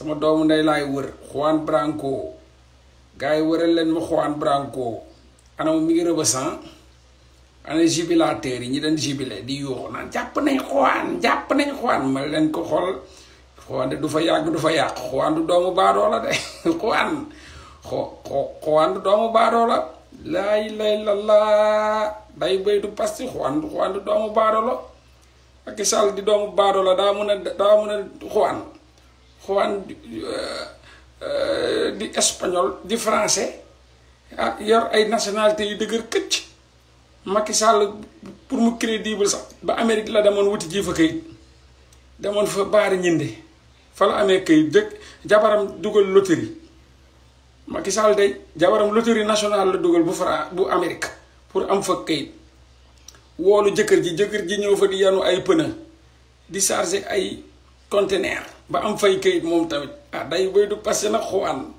sama doomu ndey laay wër Juan Branco gars yi wëral leen ma Juan Branco anam mi rëbësan ah. ana jubilateurs yi ñi leen jubilé di yuuxu naan jàpp nañ Juan jàpp nañ Juan ma leen ko xool Juan de du fa yàgg du fa yàq Juan du doomu baadoo la de Juan Juan du doomu baadoo la laay lay la laa day bay du pasti Juan Juan du doomu baadoo la ak Sall di doomu baadoo daa mun a daa mun a Juan Juan di espagnol eh, eh, di français ah yor ay nationalité yu dëgër këcc Macky Sall pour mu crédible sax ba Amérique la demoon wuti ji fa kayit demoon fa baari ñinde fa la amee kayit dëkk jabaram dugal loterie Macky Sall day jabaram loterie nationale la dugal bu Fra bu Amérique pour am fa kayit woolu jëkkër ji jëkkër ji ñëw fa di yanu ay pneu di charger ay conteneur ba am fay kayit moom tamit ah day bay du passé nag xuwaan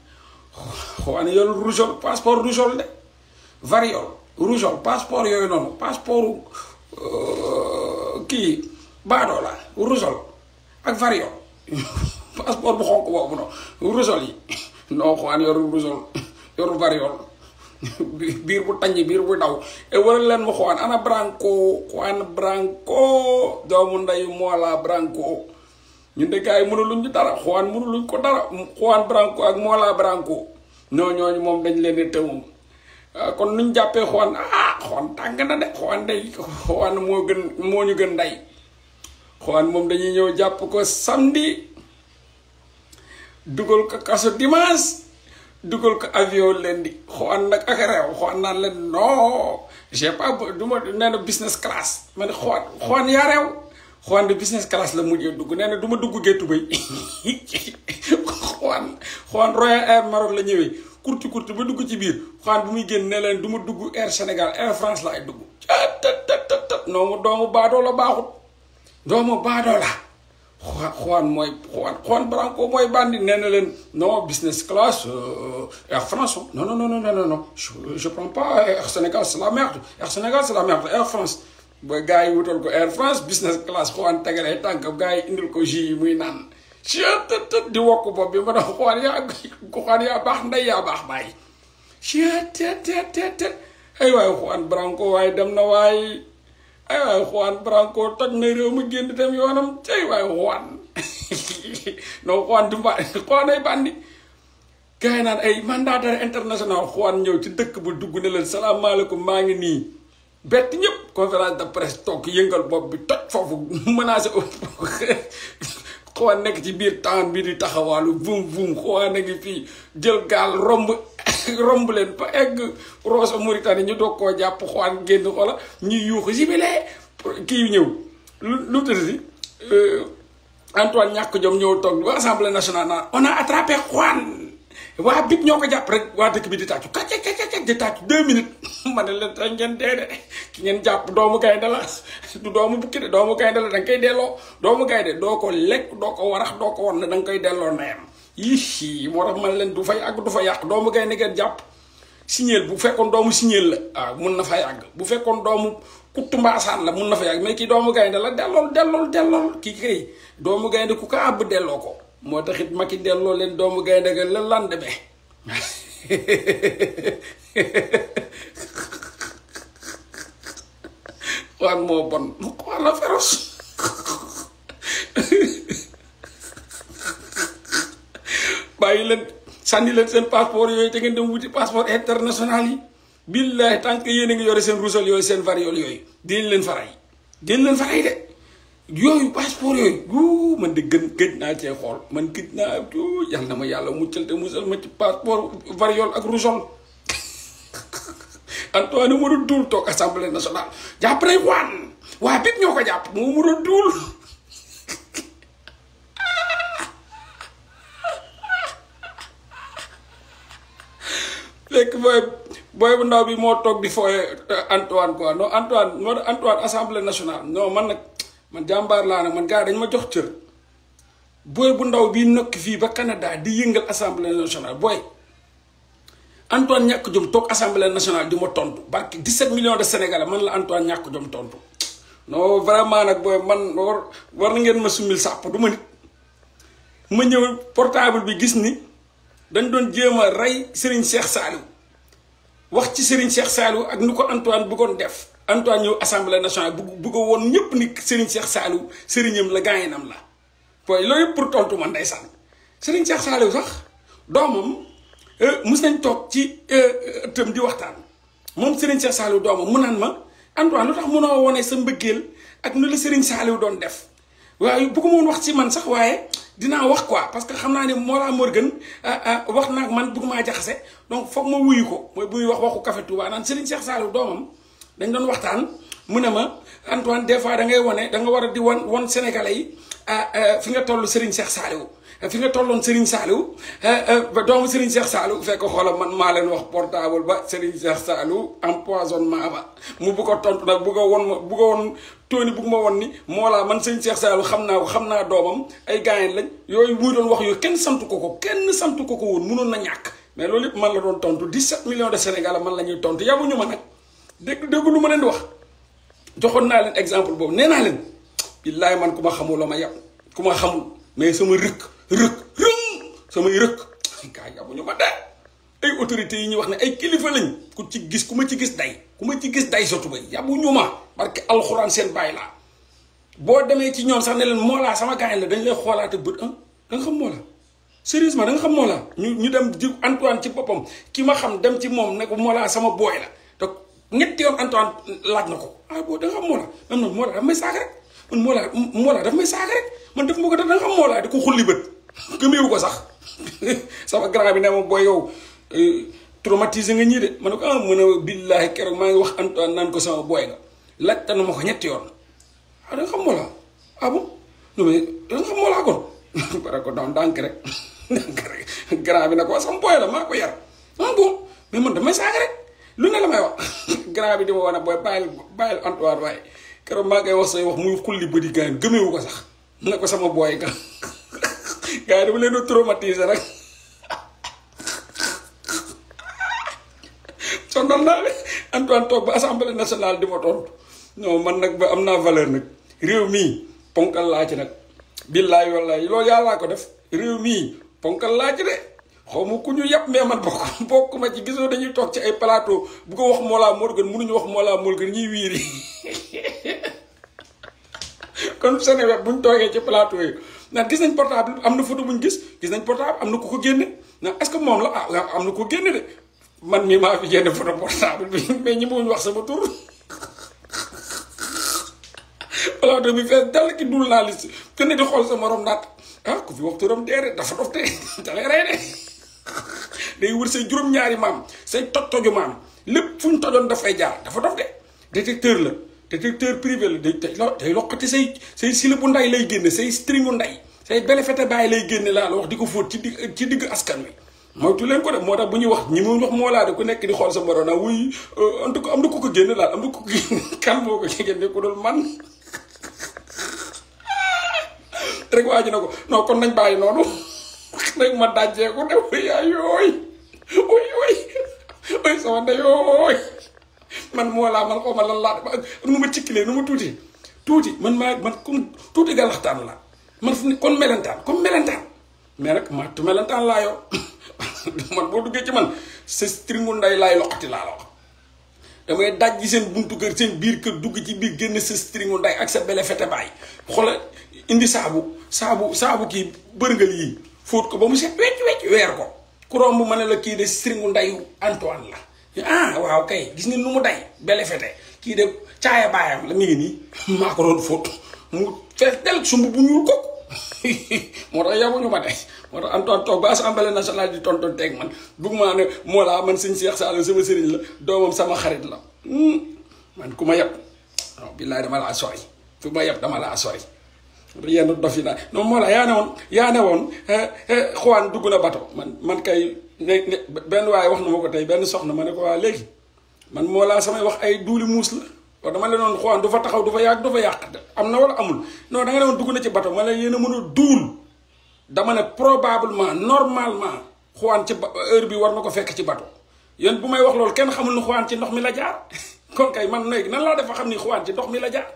xuwaan yor rougeole passeport rougeole de variole rougeole passeport yooyu euh, kii baadoo la rougeole ak variole passeport bu xonk boobu noonu rougeole yi non xuwaan yor rougeole yor variole biir bu tàññi biir bu daw e eh, waral leen ma xuwaan ana branco xuwaan branco doomu nday moola branco ñun de gars yi mënuluñ ñu dara Juan mënuluñ ko dara Juan Branco ak Mola Branco ñoo moom dañ leen di tëwoon ah, kon nuñ jàppee Juan ah Juan tàng na de Juan day Juan moo moom dañuy ñëw jàpp ko samedi dugal ko kaso dimanche dugal ko avion lundi Juan nag ak réew Juan naan leen non j'ai pas du ma nee na business class ma ne Juan yaa réew Juan de business class la mujjee dugg nee na du ma dugg géttu bay Juan Juan Royal Air Maroc la ñëwee kurti kurti ba dugg ci biir Juan bu muy génn ne leen du ma dugg Air Sénégal Air France laay dugg tat noomu doomu baadoo la baaxut doomu baadoo la Juan Juan mooy Juan Branco mooy bandi nee na leen non business class euh, euh, Air France non non non non non non je prends pas Air Sénégal c'est la merde Air Sénégal c'est la merde Air France ba gars yi wutal ko Air France business class xawaan tegalee tànkam gars yi indil ko jus yi muy naan chiet ah, tët tët di wokk bopp bi ma doon xawaan yaa baax ndey yaa baax bàyyi chiet ah, tët ay waaye xawaan Branco waaye dem na waaye ay waaye xawaan Branco toj na réew mu génn dem yoonam ay waaye xawaan non xawaan du mba xawaan ay bandi gars yi naan ay mandataire international xawaan ñëw ci dëkk bu dugg ne leen maa ngi nii bett ñëpp conférence de presse toog yëngal bopp bi toj foofu menacé xaw nekk ci biir temps bi di taxawaalu buum buum xaw nekk fii jël gaal romb. romb leen ba egg Rosso Mauritanie ñu doog ko jàpp xawaan génn xoola ñuy yuuxu jibile kii ñëw lu tëdd si euh, Antoine ñàkk jom ñëw toog ba assemblée nationale naan on a attrapé xawaan waa bip ñoo ko jàpp rek waa dëkk bi di tàccu kàcce kàcce kàcce di tàccu deux minutes ma ne leen dañ ngeen dee doomu gaynde la du doomu bukki doomu gaynde la da nga delloo doomu gaynde doo ko lekk doo ko warax doo ko won ne da nga koy delloo ndeyam yii moo tax man leen du fa yàgg du fa yàq doomu gaynde ngeen jàpp signeel bu fekkoon doomu signeel la waaw ah, mun na fa yàgg bu fekkoon doomu kuttu mbaasaan la mun na fa yàgg mais kii doomu gaynde la dellool dellool dellool kii kay doomu gaynde ku ko àbb delloo ko moo taxit Macky delloo leen doomu gaynde ga la lendemain waan moo bon walla féroce bàyyi leen sànni leen seen passeport yooyu te ngeen dem wuti passeport international yi billahi tant que yéen a ngi yore seen ruusal yooyu seen variol yooyu dinañ leen faray dinañ leen faray de yooyu passeport yooyu man de gën gëj naa cee xool man gëj naa yal na ma yàlla muccal te musal ma ci passeport variole ak rougeole Antoine mu doon duul toog assemblée nationale jàpp nañ waan moo mu doon bu ndaw bi moo toog di fooye Antoine quoi non Antoine moo Antoine assemblée nationale non man na man jambar la nak man gars dañ ma jox cër boy bu ndaw bi nokk fi ba Canada di yëngal assemblée nationale Boy, Antoine ñak jom tok assemblée nationale di ma tontu barki 17 millions de sénégalais man la Antoine ñak jom tontu no vraiment nak boy man war war ngeen ma sumil sàpp duma nit ma ñew portable bi gis ni dañ doon jema ray Serigne Cheikh salou wax ci Serigne Cheikh salou ak nuko Antoine bëggoon def Antoine ñëw assemblée nationale bu bu ko woon ñëpp ni Serigne Cheikh Saliou sëriñam la gaañinam la waaye loolu pour tontu man ndeysaan Serigne Cheikh Saliou sax doomam euh, mus nañ toog ci euh, euh, tëm di waxtaan moom Serigne Cheikh Saliou doomam mun naan ma Antoine lu tax mënoo wone sa mbëggeel ak nu la Serigne Saliou doon def waaye bu ko moon wax si man sax waaye dinaa wax quoi parce que xam naa ne Mollah Morgun wax naag man bëgg maa jaxase donc foog ma wuyu ko mooy buy wax waxu Café Touba naan Serigne Cheikh Saliou doomam. dañ doon waxtaan mu ne ma Antoine des fois da ngay wane da war a di wan wan Sénégalais yi ah, ah, fi nga toll Serigne Cheikh Saliou ah, fi nga tolloon Serigne Saliou ba doomu Serigne Cheikh Saliou fekk xoolam man maa leen wax portable ba Serigne Cheikh Saliou empoisonnement ba mu bugg a tontu nag bugg a won ma bugg a won tóoni bugg ma won ni moo laa man Serigne Cheikh Saliou xam naa ko xam naa doomam ay gaañ lañ yooyu muy doon wax yooyu kenn santu ko ko kenn santu ko ko woon mënoon na ñàkk mais loolu yëpp la doon tontu 17 millions de Sénégalais man la ñuy tontu yabuñu ma nag. dégg dégg lu ma leen di wax joxoon naa leen exemple boobu nee naa leen billaay man ku ma la ma yàpp ku ma xamul mais sama rëkk rëkk rëng samay rëkk gaa yabu ñu ma dee autorités yi ñuy wax ne ay kilifa lañ ku ci gis ku ma ci gis day ku ma ci gis day sotu ba yabu ma parce que alxuraan seen bàyyi laa boo demee ci ñoom sax ne leen moolaa sama gars la dañ lay xoolaate bët ah da nga xam moolaa sérieusement da nga xam moolaa ñu ñu dem ji Antoine ci boppam ki ma xam dem ci moom nekku ko moolaa sama booy la ñetti yoon Antoine laaj na ko ah boo da nga xam Mollah man man Mollah dafa may saaga rek man Mollah Mollah dafa may saaga rek man daf ma ko def da nga xam Mollah di ko xulli bët gëmeewu ko sax sama grand bi ne ma booy yow eh, traumatisé nga ñii de ma ne ko ah mën a billaahi keroog maa ngi wax Antoine naan ko sama booy nga laajte na ma ko ñetti yoon ah da nga xam Mollah ah bon non mais da nga xam Mollah kon bare ko doon dànk rek dànk rek grand bi ne ko sama booy la maa ko yar ah bon mais man damay saaga rek. lu ne la may wax grand bi di ma wax ne booy bàyyil bàyyil Antoine waaye keroog maa ngay wax say wax muy xulli bëri gars yi gëmeewu ko sax na ko sama booy ga gars yi dama leen doon rek sonal naa ne Antoine toog ba assemblée nationale di ma tontu non man nag ba am naa valeur nag réew mii ponkal laa ci nag billaay wallaay loolu yàllaa ko def réew mii ponkal laa ci xaw ma ku ñu yàpp mais man bokk bokk ma ci gisoo dañuy toog ci ay palaato bu ko wax Mollah Morgun mënuñu wax Mollah Morgun ñuy wiiri kon Seneweb bu ñu toogee ci plateau yi ndax gis nañ portable am na photo bu gis gis nañ portable am na ku ko génne ndax est-ce que moom la ah am na ko génne man mii maa fi génne photo portable bi mais wax sama tur plateau bi fees dal ki dul naa liste kenn di xool sa morom naat ah ku fi waxtu ram dee de dafa dof de da de day wër say juróom-ñaari maam say toj-toju maam lépp fu ñu tojoon daf fay jaar dafa dof de détecteur la détecteur privé la day day loqati say say sila bu nday lay génne say stringu nday say belefete bàyyi lay génne laa la wax di ko fóot ci digg ci digg askan wi moytu leen ko de moo tax bu ñuy wax ñi mu wax moo laa de ku nekk di xool sa morom naa wuy en euh, ko am na ko ko génne daal am na ko ko kan moo ko génne ku dul man rek waaju na ko non kon nañ rek ma dajee ko def yaa yooy oy sama man moo man xaw ma lan laa nu ma cikkilee nu ma tuuti tuuti man maa man comme tuuti galaxtaan la man fu ne kon comme melentaan mais nag mattu melentaan laa boo duggee ci man sa stringu ndey laay loqati laa la wax damay daj buntu kër seen biir kër dugg ci biir génn sa stringu nday ak sa bele fete baay xoolal indi saabu saabu saabu kii bërngal yii foot ko ba mu set wecc wecc weer ko ku rombu ma ne la kii de stringu ndayu Antoine la ya, ah waaw kay gis ni numu day bele fete ki de caaya bayam la mi ni nii maa ko doon fóot mu fess del sumbu bu ko mo ra tax ñu ma day mo ra Antoine tok ba assemblée nationale di tonton teeg man bugg maa ne mo la man seigne Cheikh sallu sama sëriñ la domam sama xarit la hmm, man kuma ma oh, billahi dama la sori fu ma dama la sori yenn dof yi naa non moo la yaa ne woon yaa ne xuwaan eh, eh, dugg na bato man man kay benn waaye wax na ma ko tey benn soxna ma ne ko waa léegi man moo laa samay wax ay duuli muus la wax dama leen woon xuwaan du taxaw du fa yàgg yàq am na wala amul non da dugg na ci bato ma ne yéen a mën a duul dama ne probablement normalement xuwaan ci heure bi war na ko fekk ci bato yéen bu may wax loolu kenn xamul ni xuwaan ci ndox mi la jaar kon kay man léegi nan laa def defa xam ni xuwaan ci ndox mi la jaar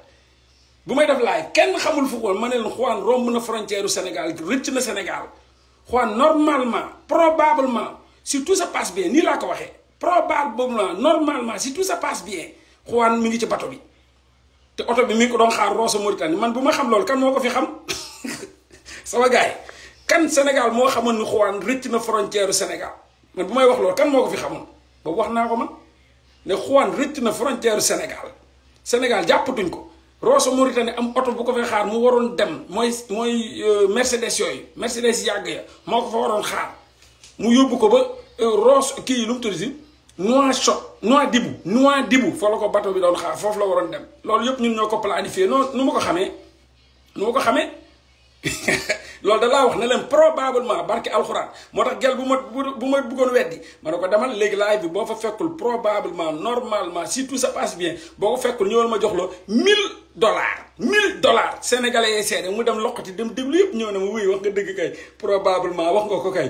bu may def live kenn xamul fu woon ma ne leen Juan romb na frontière Sénégal rëcc na Sénégal Juan normalement probablement si tout ça passe bien nii laa ko waxee probablement normalement si tout ça passe bien Juan mu ngi ci bato bi te oto bi mi ngi ko doon xaar Rosso man bu ma xam kan moo ko fi xam sama kan Sénégal moo xamoon ni Juan rëcc na frontière Sénégal man bu may wax lool kan moo ko fi xamoon boobu wax naa ko man ne Juan rëcc na frontière Sénégal Sénégal jàppatuñ ko. Rosso Mauritanie am oto bu ko fay xaar mu waroon dem mooy mooy euh, Mercedes yooyu Mercedes yàgg ya moo ko fa waroon xaar mu yóbbu ko ba euh, Rosso kii yi lu mu tudd si dibu Nouadhibou Nouadhibou foo la ko bateau bi doon xaar foofu la waroon dem loolu yëpp ñun ñoo ko planifié noonu nu ma ko xamee nu ma ko xamee. loolu danaa laa wax ne leen probablement barke alxuraan moo tax gel bu ma bu ma bëggoon weddi ma ne ko demal léegi live bi boo fa fekkul probablement normalement si tout ça passe bien boo ko fekkul ñëwal ma jox la 1000 dollars 1000 dollars sénégalais yi seede mu dem loqati dem déglu yëpp ñëw ne ma wuy wax nga dëgg kay probablement wax nga ko kay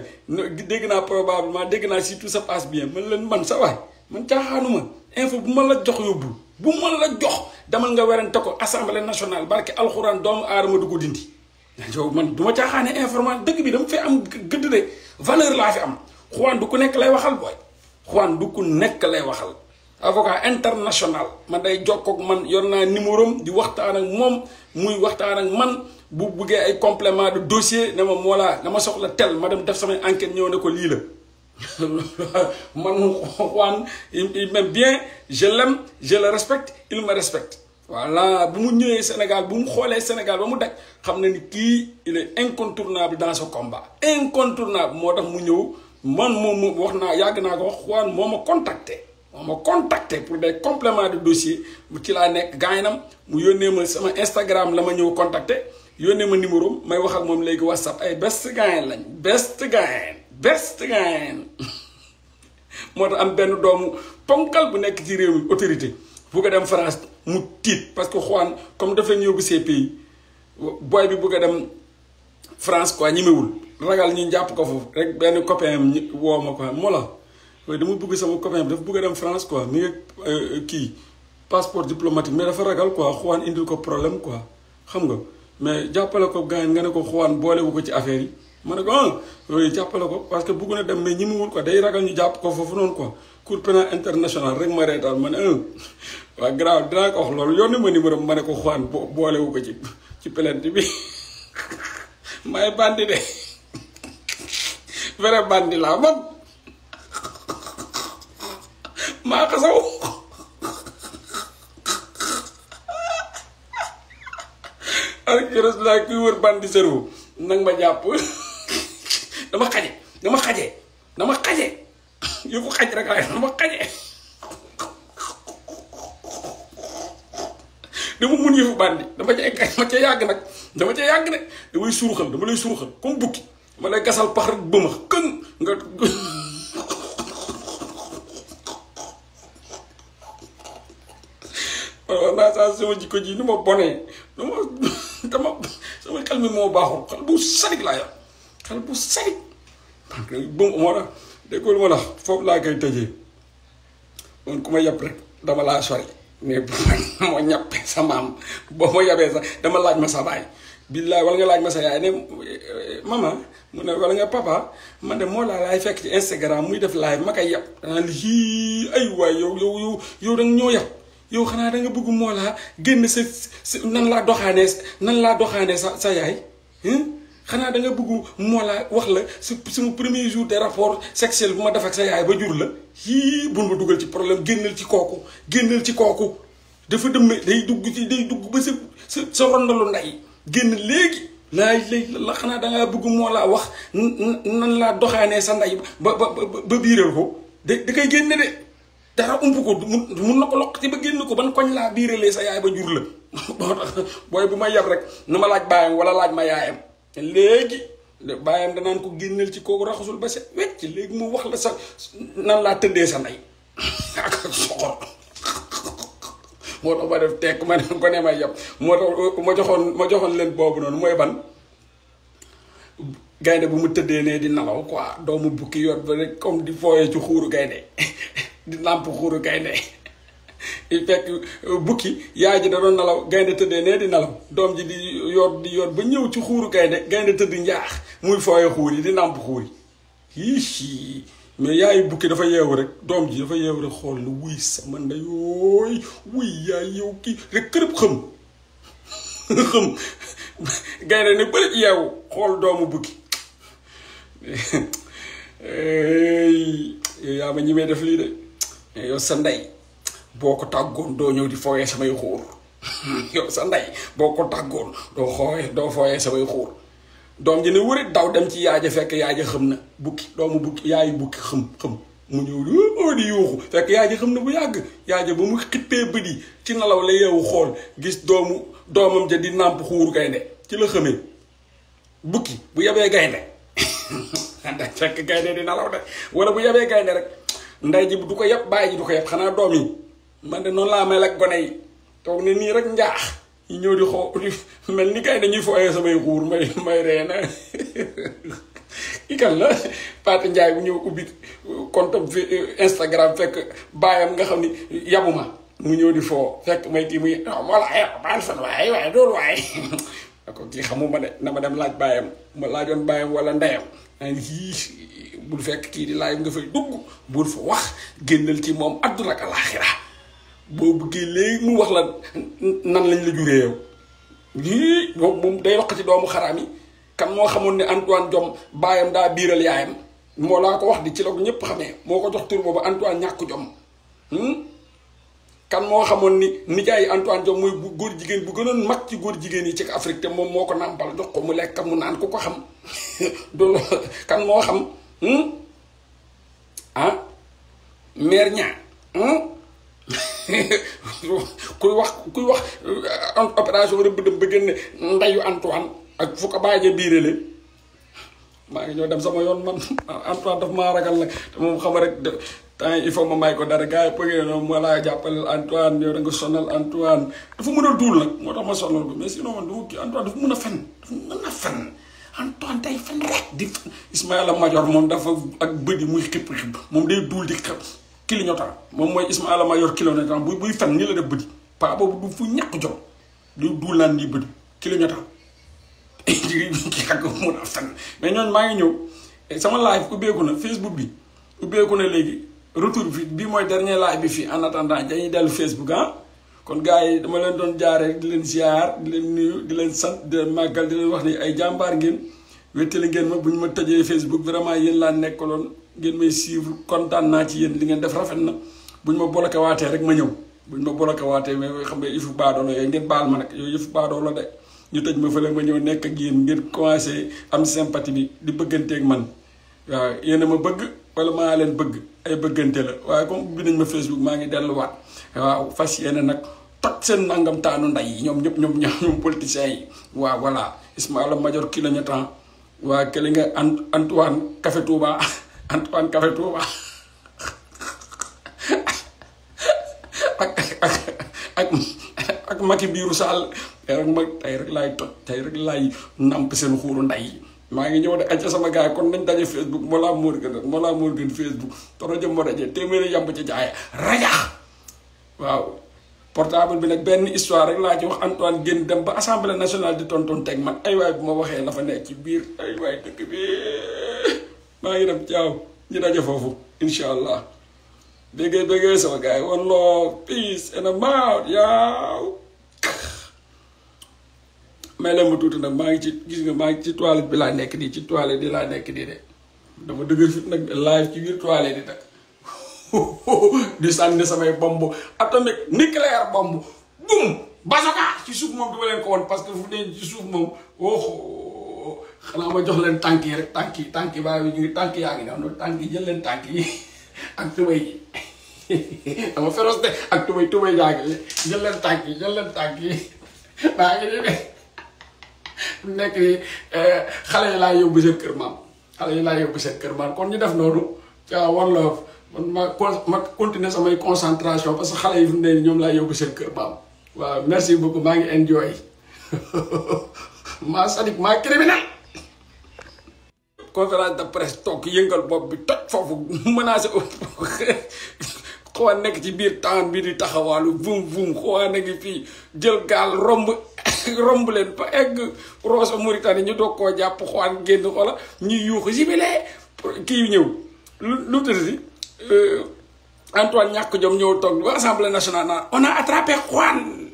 dégg naa probablement dégg naa si tout ça passe bien man leen man sa waay man caaxaanuma info bu ma la jox yóbbul bu ma la jox demal nga werante ko assemblée nationale barke alxuraan doomu aadama du ko dindi. jo man du ma caaxaane information dëgg bi dama fee am gëdd de valeur la fi am xuwaan du ku nek lay waxal boy xuwaan du ku nek lay waxal avocat international man day jokkoog man yorna naa numéro di waxtaan ak mom muy waxtaan ak man bu buggee ay complément de dossier ne mola moolaa dama soxla tel ma dem def sama enquête ñëw ne ko li la man xuwaan il m'aime bien je l'aime je le respecte il me respecte voilà bu mu au Sénégal bu mu Sénégal Vous mu daj xam il est incontournable dans ce combat incontournable moo mu ñëw man moom wax ma contacté Je contacté pour des compléments de dossier mu ci Vous mu ma mon Instagram contacter. ma ñëw contacté pour ma numéro may wax ak pour WhatsApp ay best gayen lañ best gayen best gayen moo pour am benn doomu ponkal bu pour ci réew mi autorité bu ko dem France mu tiit parce que Juan comme defee leen yóbbu ces pays booy bi bëgg a dem France quoi ñemewul ragal ñu jàpp ko foofu rek benn copain am woo ma quoi moo la waaye dama bëgg sama copain bi dafa dem France quoi mi ngi euh, kii passeport diplomatique mais dafa ragal quoi Juan indil ko problème quoi xam nga mais jàppale ko gaañ nga ne ko Juan boolewu ko ci affaire yi ma ne ko ah yooyu jàppale ko parce que bugg na dem mais ñemewul ko day ragal ñu jàpp ko foofu noonu quoi cour pénal international rek ma reetaan man ne ah, Wagraw, graw drak wax loolu yoni ma numéro ma ne ko boole wu ko ci ci plainte bi may bandi de vrai bandi laa man maa xasaw ak la ki wër bandi seru, nang ma japp dama xaje dama xaje dama xaje yu ko xaj rek la dama xaje dama mun yëfu bandi dama ca dama ca yàgg nag dama ca yàgg nag damay suruxal dama lay suruxal bukki dama lay gasal pax rek bëma këŋ nga naa saa sama jikko ji nu ma bonee nu dama xel mi moo baaxul xel bu sadik laa yor xel bu sadik bum moo tax déggul ma foofu laa koy tëjee man ku ma yàpp rek dama laa sori mais moo ñappe sa maam boo ma yabee sax dama laaj ma sa baay billaay wala nga laaj ma sa yaay ne maman mu ne wala nga papa man de moo laa laay fekk ci Instagram muy def laay ma koy yab danaan lii ay waay yow yow yow da nga ñoo yab yow xanaa da nga bëgg moo laa génn sa nan laa doxaanee nan laa doxaanee sa sa yaay xanaa da nga bëgg moo laa wax la su sama premier jour de rapport sexuel bu ma def ak sa yaay ba jur la yii bu ma dugal ci problème génnal ci kooku génnal ci kooku dafa dem day dugg ci day dugg ba sa sa sa rondalu nday génn léegi laay lay la xanaa dangaa bëgg moo laa wax nan laa doxaanee sa ndey ba ba ba biiral ko da da koy génne de dara ump ko mun na ko loqati ba génn ko ban koñ laa biiralee sa yaay ba jur la boo tax booy bu ma yab rek na ma laaj baayam wala laaj ma yaayam léegi bàyyam danaan ko génneel ci kooku raxasul ba set wecc léegi mu wax la sa nan laa tëddee sa ndey ak soxor moo tax ma def tekk ma ne ko ne ma yab moo tax ma joxoon ma joxoon leen boobu noonu mooy ban gaynde bu mu tëddee ne di nalaw quoi doomu bukki yor ba rek comme di fooyee ci xuuru gaynde di nàmp xuuru gaynde fekk euh, bukki yaay ji da doon nalaw gaynde tëdde nee di nalaw doom ji di yor di yor ba ñëw ci xuur gaynde gaynde tëdd njaax muy fooye xuur yi di nàmp xuur yi ii mais yaayu bukki dafa yeewu rek doom ji dafa xool ne wuy sama ndeyooy yaay yow kii rek kërëb xëm xëm gaynde ne bëri yeewu xool doomu bukki yow yaa ma ñi def lii de yow sa ndey boo ko tàggoon doo ñëw di fooyee samay xuur yow sa ndey boo ko tàggoon doo xooyee doo fooyee samay xuur doom ji ne wërit daw dem ci yaay fekk yaay xam na bukki doomu bukki yaayu bukki xam xam mu ñëw di xam na bu yàgg yaay ja mu xippee bët yi ci nalaw la yeewu xool gis doomu doomam ja di nàmp xuur gaynde ci la xamee bukki bu yebee gaynde da fekk gaynde di nalaw de wala bu yebee gaynde rek ndey ji du ko yeb bàyyi ji du ko yeb xanaa doom man de noonu laa mel ak gone yi toog ne nii rek njaax ñu ñëw di xoo mel ni kay dañuy fooyee samay xuur may may ree na ki la Pate Ndiaye bu ñëw ubbi compte fekk baayam nga xam ni yabuma mu ñëw di foo fekk may kii muy waaye waaye doolu waaye d'accord kii xamuma de na ma dem laaj baayam ma laajoon baayam wala ndeyam bul fekk kii di laaj nga fay dugg bul fa wax génnal ci moom àdduna ak alaaxira boo bëggee léegi mu wax la nan lañ la juree yow yii moom day wax ci doomu xaraam yi kan moo xamoon ni Antoine Diome baayam daa biiral yaayam moo laa ko wax di ci la ko ñëpp xamee moo ko jox tur boobu Antoine ñàkk Diome hmm? kan moo xamoon ni nijaayi Antoine Diome mooy bu góor jigéen bu gënoon mag ci góor jigéen yi ci Afrique te moom moo ko nàmpal jox ko mu lekk mu naan ku ko xam doon kan moo xam hmm? ah mère ñaa kuy wax kuy wax euh, opération rëbb dëbb ba génne ndeyu Antoine ak fu ko bàyyi biirale maa ngi ñoo dem sama yoon man Antoine daf maa ragal nag te moom xam rek temps il faut ma may ko dara gars yi pëggee noonu laa jàppaleel Antoine yow da nga sonal Antoine mën a duul nag moo tax ma sonal ko mais sinon man du kii Antoine dafa mën a fen dafa mën a fen Antoine day fen di fen Ismaïla Madior moom dafa ak bëdi muy xipp xipp moom day duul di xepp clignotant moom mooy ismaila ma yor clignotant bu buy fen ni la def bëdi pa boobu du fu ñàkk jom du duulaan ni bëdi clignotant ak mo na fen mais ñooñu ma ngi ñëw eh, sama live ubbeeku na facebook bi ubbeeku na léegi retour bi bi mooy dernier live bi fii en attendant dañuy dal facebook ah kon gars yi dama leen doon jaaree di leen ziar di leen nuyu di leen sant di leen di leen wax ni ay jambar ngeen wéttali ngeen ma bu ñu ma tëjee facebook vraiment yéen laa ngeen may suivre kontaan na ci yeen li ngeen def rafet na buñ ma bolaka waté rek ma ñew buñ ma bolaka waté mais xam nga yëfu baadoo la yooyu ngeen baal ma nak nag yooyu ba do la de ñu tej ma fële ma ñew nek ak yeen ngeen commencé am sympathie bi di bëggante ak man wa yéen ma bëgg wala ma leen bëgg ay bëggante la wa ko bi nañ ma Facebook ma ngi delluwaat wa fas yéene nak tak seen nangam taanu nday ñom ñep ñom ñoom ñoom politiciens yi wa voilà ismaël major ki la ñu temps waa kële Antoine Café Touba Antoine kafe Touba ak ak ak ak Macky biiru Sall tey rek ma tey rek laay toj tey rek laay namp seen ngi sama gak kon nañ Facebook mula Morgun mula mur Facebook toro jëm mula aja, téeméeri yàmb ci jaay raja waaw portable bi nag benn histoire rek laa ci wax Antoine génn dem ba assemblée nationale di tonton teg man ay waay bu ma waxee la maa ngi dem jaaw ñu foofu incha allah béggee béggee sama gars yi oh peace and I'm yaaw may leen ma tuuti nag maa ngi ci gis nga maa ngi ci toilette bi laa nekk nii ci toilette di laa nekk nii de dama dëgër fit nag live ci biir toilette di nag di sànni samay bomb atomique nucléaire bomb bum basoka ci suuf moom du ma leen ko woon parce que fu ne ci suuf moom oh, xanaa ma jox leen tànk yi rek tànk yi tànk yi baa bi ñu tànk yaa ngi noonu tànk yi yi ak tubay yi ak tubay tubay yaa tànk yi jël leen tànk yi xale yi laa yóbbu seen kër maam xale yi laa yóbbu seen kër maam kon ñu def noonu ca One Love ma ma continuer samay concentration parce que xale yi fi ne ñoom laa yóbbu seen kër maam waaw merci beaucoup maa ngi enjoy maa sadik maa criminel conférence de presse toog yëngal bopp bi toj foofu menacé xaw nekk ci biir temps bi di taxawaalu vum vum xaw nekk fii jël gaal romb romb leen ba egg Rosso Mauritanie ñu doog ko jàpp xawaan génn xoola ñu yuuxu jubilee kii ñëw lu lu tëdd euh, Antoine ñàkk jom ñëw toog ba assemblée nationale on a attrapé xawaan.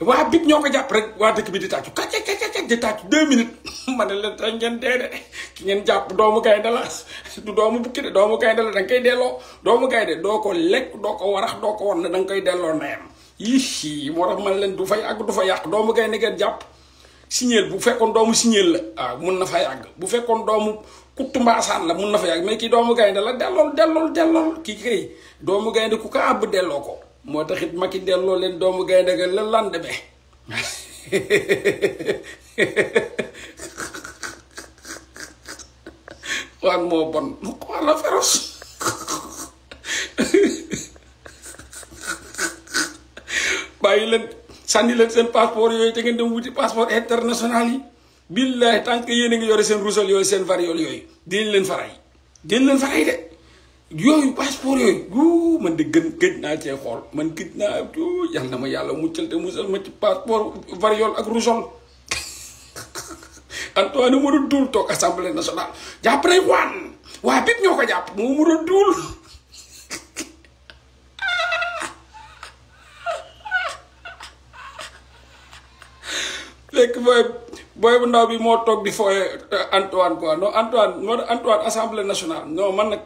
waa bip ñoo ko jàpp rek waa dëkk bi di tàccu kàcce kàcce kàcce di tàccu deux minutes ma ne leen dee de ki ngeen jàpp doomu gaynde la du doomu bukki doomu gaynde la da delloo doomu gaynde doo ko lekk doo ko warax doo ko won ne da nga koy delloo ndeyam yii moo tax man leen du fa yàgg du fa yàq doomu gaynde ngeen jàpp signeel bu fekkoon doomu signeel la waaw ah, mun na fa yàgg bu fekkoon doomu kuttu mbaasaan la mun na fa yàgg mais ki doomu gaynde la dellool dellool dellool kii kay doomu gaynde ku ko àbb delloo ko moo taxit Macky delloo leen doomu gaynde ga la lendemain Juan moo bon Juan la féroce bàyyi leen sànni leen seen passeport yooyu te ngeen dem wuti passeport international yi billahi tant que yéen a ngi yore seen ruusal yooyu seen variol yooyu dinañ leen faray dinañ leen faray de yooyu passeport yooyu man de gën gëj naa cee xool man gëj naa yal na ma yàlla muccal te musal ma ci passeport variole ak rougeole Antoine mu doon duul toog assemblée nationale jàpp nañ waa bépp jàpp moo mu doon bu ndaw bi moo toog di fooye euh, Antoine quoi non Antoine moo Antoine assemblée nationale non man nag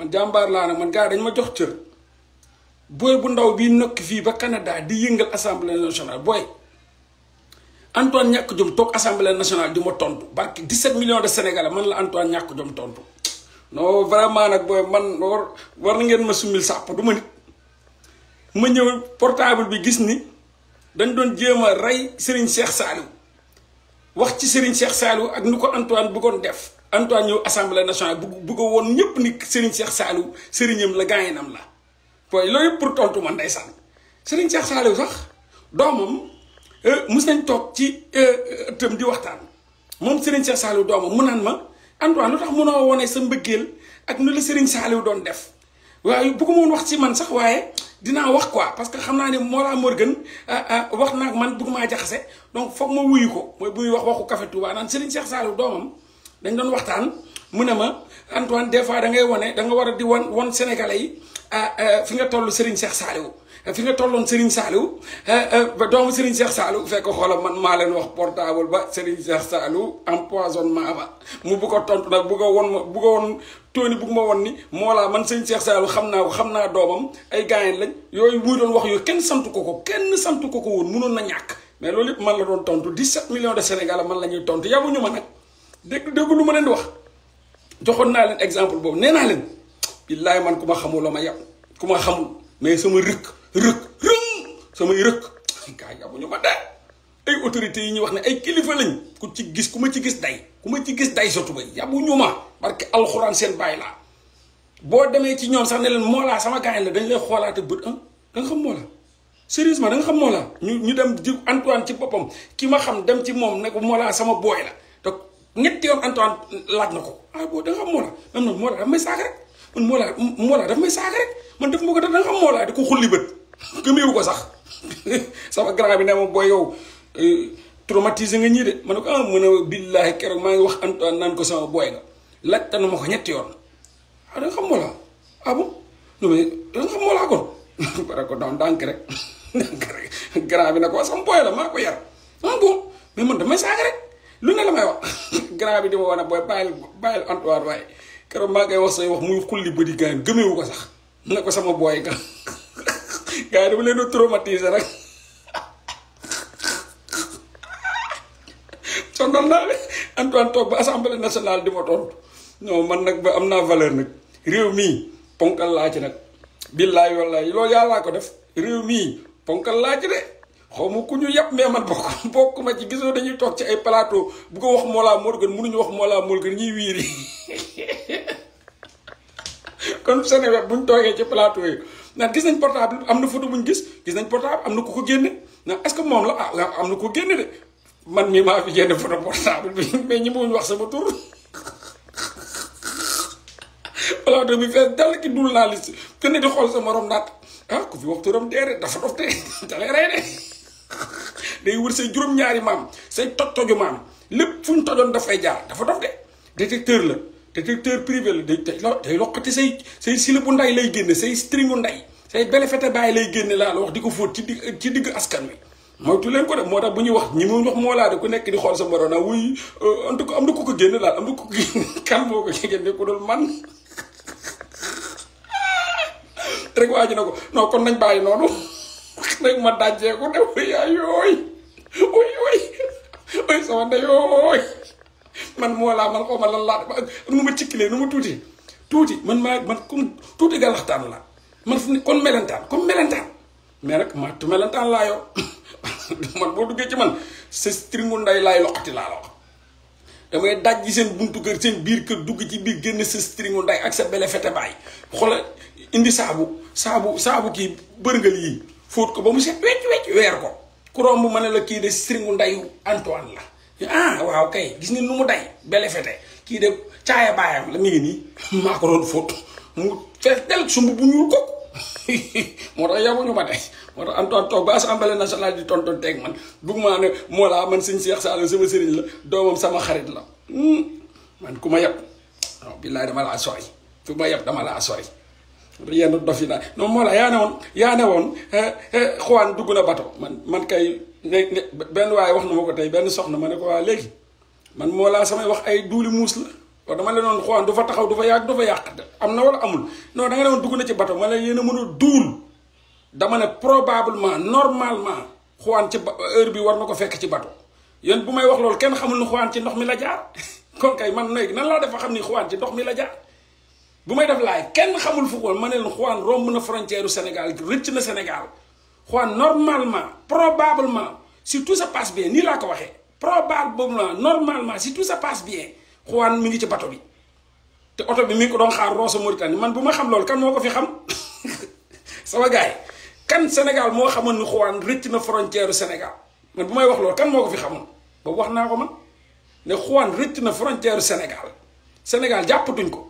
man jambar la nak man gaay dañ ma jox cër boy bu ndaw bi nëkk fi ba Canada di yëngal assemblée nationale Boy, Antoine ñak jom tok assemblée nationale di ma tontu barki 17 millions de sénégalais man la Antoine ñak jom tontu no vraiment nak boy man war war ngeen ma sumil sap du ma nit ma ñew portable bi gis ni dañ doon jema ray Serigne Cheikh salou wax ci Serigne Cheikh salou ak nu Antoine bëggoon def Antoine ñëw assemblée nationale bu bëgg woon ñëpp ni Serigne Cheikh Saliou sëriñam la gaañinam la waaye loolu pour tontu ma ndeysaan Serigne Cheikh Saliou sax doomam euh, mus nañ toog ci euh, euh, tëm di waxtaan moom Serigne Cheikh Saliou doomam mu naan ma Antoine lu tax mënoo wone sa mbëggeel ak nu la Serigne Saliou doon def waaye bëggu ma woon wax si man sax waaye dinaa wax quoi parce que xam naa ne Mollah Morgun wax naag man bëggu maa jaxase donc foog ma wuyu ko mooy buy wax waxu Café Touba naan Serigne Cheikh Saliou doomam. dañ doon waxtaan mu ne ma Antoine des fois da ngay wane da nga war a di wan wan Sénégalais yi ah, ah, fi nga toll Serigne Cheikh Saliou ah, fi nga tolloon Serigne Saliou ba doomu Serigne Cheikh Saliou fekk xoolal man maa leen wax portable ba Serigne Cheikh Saliou empoisonnement ba mu bu ko tontu nag bu ko won ma bu ko won tóoni bu ni moo laa man Serigne Cheikh Saliou xam naa ko xam naa doomam ay gaayen lañ yooyu muy doon wax yooyu kenn santu ko ko kenn santu ko ko woon munoon na ñàkk mais loolu yëpp doon tontu 17 millions de Sénégalais la ñuy tontu yabuñu ma nag. dégg dégg lu ma leen di wax joxoon naa leen exemple boobu nee naa leen billaay man ku ma xamul la ma yàpp ku ma xamul mais sama rëkk rëkk rëng samay rëkk gaa yàbu ñu ma dee autorités yi ñuy wax ne ay kilifa lañ ku ci gis ku ma ci gis day ku ma ci gis day sotu ba yàbu ñu ma barke alxuraan seen bàyyi laa boo demee ci ñoom sax ne leen moolaa sama gaañ la dañ lay xoolaate bët ah da nga xam moolaa sérieusement da xam xam moolaa ñu ñu dem ji Antoine ci boppam ki ma xam dem ci moom ne ko moolaa sama booy la ñetti yoon Antoine laaj na ko ah boo da nga xam Mollah man man Mollah daf may saaga rek man daf may saaga rek man daf ma ko def da nga xam Mollah ko xulli ko sax sama grand bi ne ma booy yow eh, traumatisé nga ma ne ko ah mën wax Antoine naan ko sama booy nga laajte ñetti yoon ah da nga xam Mollah ah, rek bi na ko sama ah, man daf may saaga rek. lu ne la may wax grand bi di ma wax nag booy bàyyil bàyyil Antoine waaye keroog maa ngay wax say wax muy xulli bëri gars yi gëmewu ko sax na ko sama booy ga gars yi dama leen di rek sondal naa ne Antoine toog ba assemblée nationale di ma tontu non man nag ba am naa valeur nag réew mii ponkal laa ci nag billaay wallaay loolu yàllaa ko def réew mii ponkal laa ci de. xawma ku ñu yàpp mais man bokk bokk ma ci gisoo dañuy tok ci ay plateau bu ko wax Mollah Morgun mënuñu wax mola morgan ñi wiri kon Seneweb buñ toge ci plateau yi na gis nañ portable amna na photo buñ gis gis nañ portable amna ku ko genn na est-ce que moom la amna ah, am na ko génne de man mi ma fi genn photo portable bi me ñi muñ wax sama tur plateau bi fees dal ki dul naa liste kenn di xol sama rom nat ah ku fi waxtu ram dere dafa dofte dalay da de day wër say juróom-ñaari maam say toj-toju maam lépp fu ñu tojoon daf fay jaar dafa dof de détecteur la détecteur privé la day day loqati say say sile bu nday lay génne say stringu nday say belefete bàyyi lay génne laa la wax di ko fóot ci digg ci digg askan wi moytu leen ko def moo tax bu ñuy wax ñi muy wax moo laa de ku nekk di xool sa morom naa wuy euh, en tout am na ko ko génne laal am na ko kan moo ko ci génne ko doon man rek waa na ko non kon nañ bàyyi rek ma dajee ko def yaay yooy oy oy oy yooy man moo laa man xaw ma lan laa nu ma cikkilee nu ma tuuti tuuti man maa man comme tuuti galaxtaan la man fu ne kon melentaan comme melentaan mais rek mattu melentaan laa yoo man boo duggee ci man sa stringu nday laay loqati laa la wax damay daj ji seen buntu kër seen biir kër dugg ci biir génn sa stringu nday ak sa bele fete baay xoolal indi saabu saabu saabu kii bërngal yii fóot ko ba mu set wecc wecc weer ko ku romb ma ne la kii de sringu ndeyu Antoine la ah waaw kay gis nga nu mu day bele kii de caaya baayam la mi ngi nii maa ko doon fóot mu fees del sumb bu ñuul ko moo tax yabuñu ma tey moo tax Antoine toog ba assemblée nationale di tonton teeg man bugg maa ne moo laa man sëñ Cheikh Sall sama sëriñ la doomam sama xarit la hmm, man ku ma yab waaw dama laa sori ku ma yab dama laa sori yenn dof yi naa non moo la yaa ne woon yaa ne woon xuwaan eh, eh, dugg na bato man man kay ne benn waaye wax na ma ko tey benn soxna ma ne ko waa léegi man moo laa samay wax ay duuli muus la wax dama leen woon xuwaan du taxaw du yàgg du yàq am na wala amul non da dugg na ci bato ma la yéen a mën duul dama ne probablement normalement xuwaan ci heure bi war na ko fekk ci bato yéen bu may wax loolu kenn xamul ni xuwaan ci ndox mi la jaar kon kay man léegi nan laa def xam ni xuwaan ci ndox mi la jaar bu may def live kenn xamul fu ko ma ne leen Juan romb na frontière u Sénégal rëcc na Sénégal Juan normalement probablement si tout ça passe bien nii laa ko waxee probablement normalement si tout ça passe bien Juan mu ngi ci bato bi te oto bi mi ko doon xaar Rosso Mauritanie man bu ma xam loolu kan moo ko fi xam sama gaay kan Sénégal moo xamoon ni Juan rëcc na frontière u Sénégal man bu may wax loolu kan moo ko fi xamoon boobu wax naa ko man ne Juan rëcc na frontière u Sénégal jàppatuñ ko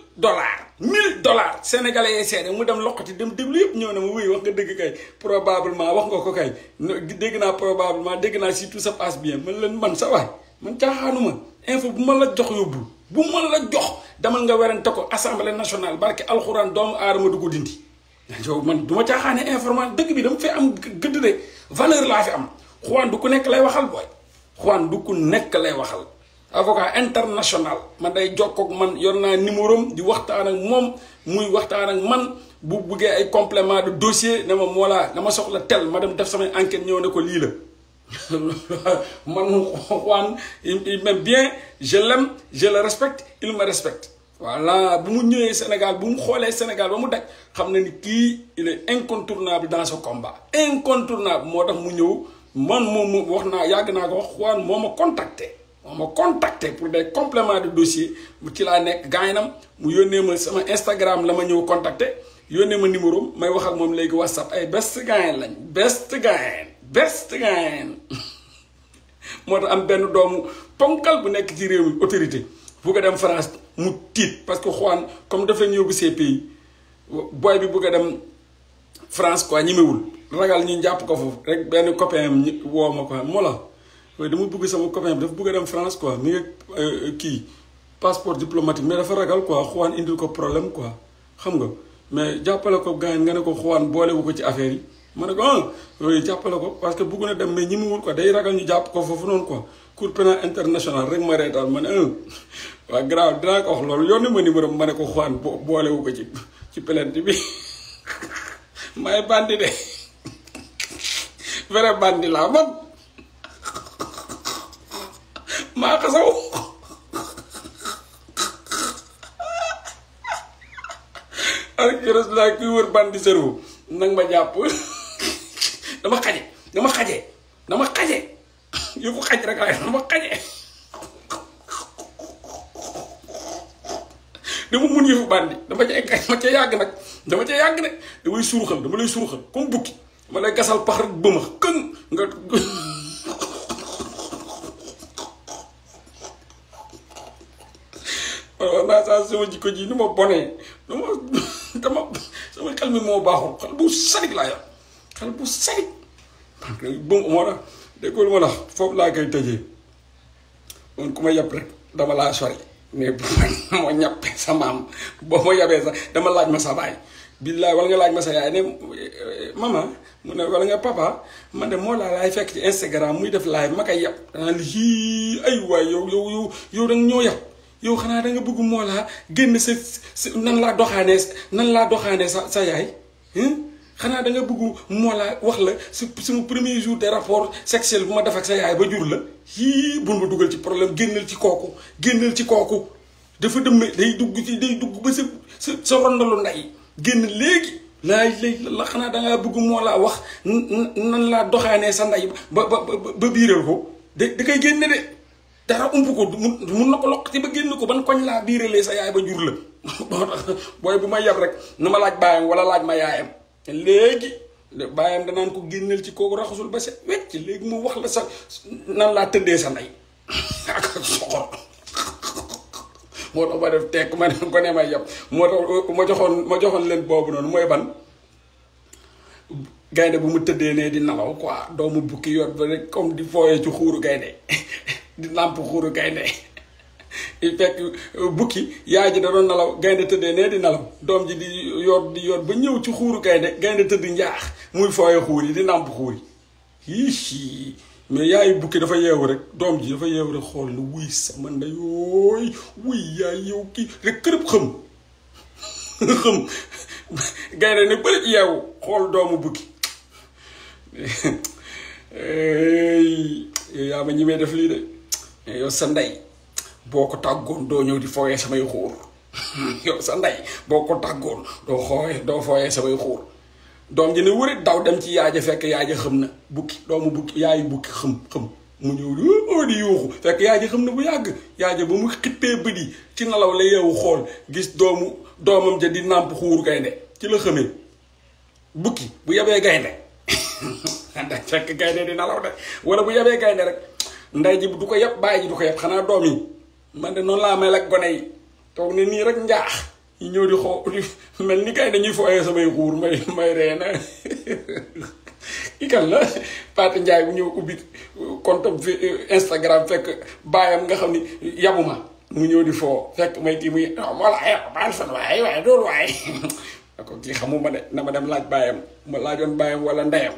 dollars mille dollars sénégalais yi seede mu dem loqati dem déglu yëpp ñoo ne ma wuy wax nga dëgg kay probablement wax nga ko kay dégg naa probablement dégg naa si tout ça passe bien man leen man sa waay man caaxaanuma info bu ma la jox yóbbu bu ma la jox demal nga werante ko assemblée nationale barke alxuraan doomu aadama du ko dindi. yow man du ma caaxaane information dëgg bi dama fee am gëdd de valeur laa fi am xuwaan du ku nekk lay waxal booy xuwaan du ku nekk lay waxal. avocat international man day jokkoog man yorna naa numérom di waxtaan ak mom muy waxtaan ak man bu bëggé ay complément de dossier né ma moolaa dama soxla tel ma dem def sama enquête ñëw ne ko li la man Juan il m'aime bien je l'aime je le respecte il me respecte voilà bu mu ñëwé Sénégal bu mu xolé Sénégal ba mu daj xam na ni ki il est incontournable dans ce combat incontournable motax mu ñëw man moom wax naa yàgg ko wax Juan moma contacter contacté on ma contacté pour des compléments de dossier mu ci laa nekk gaañinam mu yónnee ma sama Instagram la ma ñëw contacté yónnee ma numéro may wax ak mom légui WhatsApp ay best gaañin lañ best gaañin best gaañin moo am ben doomu ponkal bu nek ci réew mi autorité bu ko dem France mu tit parce que Juan comme dafa leen yóbbu ces pays Boy, bi bu dem France quoi ñimewul ragal ñu jàpp ko fofu rek ben copain am ma ko mola. koy dama bugg sama copain bi dafa bëgg a dem France quoi mi ngi euh, kii passeport diplomatique mais dafa ragal ko xuwaan indil ko problème quoi xam nga mais jàppale ko gaañ nga ne ko xuwaan boolewu ko ci affaire yi ma ne ko ah jàppale ko parce que bëgg na dem mais ñi ko wul day ragal ñu jàpp ko foofu noonu quoi cour pénal international rek ma reetaan ma ne ah waa grave dinaa ko wax loolu yónni ma numéro ma ne ko xuwaan boolewu ko ci ci plainte bi may bandi maa xasaw ak rasulaa kuy wër bandi cerveau nag ma jàpp dama xaje dama xaje dama xaje yëfu xaj rek laay dama xaje dama mun yëfu bandi dama ca ma ca yàgg nag dama ca yàgg nag damay suruxal dama lay suruxal comme bukki dama lay gasal pax rek bëma këng waaw naa saa sama jikko ji nu ma bu sadik laa yor xel bu laa koy tëjee ma yab rek dama laa sori mais bu ma yabee sax dama laaj ma sa baay billaay wala nga laaj ma eh, eh, mama mu ne wala nga papa man ne moo laa laay fekk ci Instagram muy def live ma koy yab danaa li ay waay yow yow yow yow danga ñoo yab yow xanaa da bëggu moo Mollah génn sa nan laa doxaanee nan laa doxaanee sa sa yaay xanaa da bëggu bëgg Mollah wax la su sama premier jour de rapport sexuel bu ma def ak sa yaay ba jur la yii bul ma dugal ci problème génnal ci kooku génnal ci kooku dafa dëmme day dugg ci day dugg ba sa sa sa rondalu ndey génn léegi laay la xanaa da bëggu moo laa wax nan laa doxaanee sa ndey ba ba ba biiral ko da da koy génne de. dara ump ko mun na ko loq ci ba génn ko ban koñ laa biiralee sa yaay ba jur la booy bu may yab rek na ma laaj baayam wala laaj ma yaayam léegi baayam danaan ko génneel ci kooku raxasul ba set wecc léegi mu wax la sa nan laa tëddee sa ndey ak soxor moo tax ma def tekk ma ne ko ne may yab moo tax ma joxoon ma joxoon leen boobu noonu mooy ban gaynde bu mu tëddee ne di nalaw quoi doomu bukki yor ba rek comme di fooyee ci xuuru gaynde di làmp xuuru gaynde il fekk euh, bukki yaay ji da doon nalaw gaynde tëddee nee di nalaw doom ji di yor di yor ba ñëw ci xuuru gaynde gaynde tëdd njaax muy fooye xuur yi di nàmp xuur yi ii mais yaayu bukki dafa yeewu rek doom ji dafa yeewu rek xool ni wuy sama ndeyooy wuy yaay yow kii rek kërëb xëm xëm gaynde ne bëri yeewu xool doomu bukki yow yaa ma ñi def lii de Eh, yow sa ndey boo ko tàggoon doo ñëw di fooyee samay xuur yow sa ndey boo ko tàggoon doo xooyee doo fooyee samay xuur doom ji ne wërit daw dem ci yaaja fekk yaaja xam na bukki doomu bukki yaayu mu ñëw di oo di xam na bu yàgg yaaja ba mu xippee bët yi ci nelaw la yeewu xool gis doomu doomam ja di nàmp xuur gaynde ci la xamee bukki bu yebee gaynde fekk gaynde di nelaw de wala bu yebee gaynde rek nday ji du ko yëpp bàyyi ji du ko yëpp xanaa doom yi man de noonu laa mel ak gone yi toog ne nii rek njaax ñu ñëw di xoo di mel ni kay dañuy fooyee samay xuur may may ree na la Pate Ndiaye bu ñëw ubbi compte Instagram fekk baayam nga xam ni yabuma mu ñëw di foo may kii muy waaye waaye doolu waaye ko kii xamuma de na ma dem laaj baayam ma laajoon baayam wala ndeyam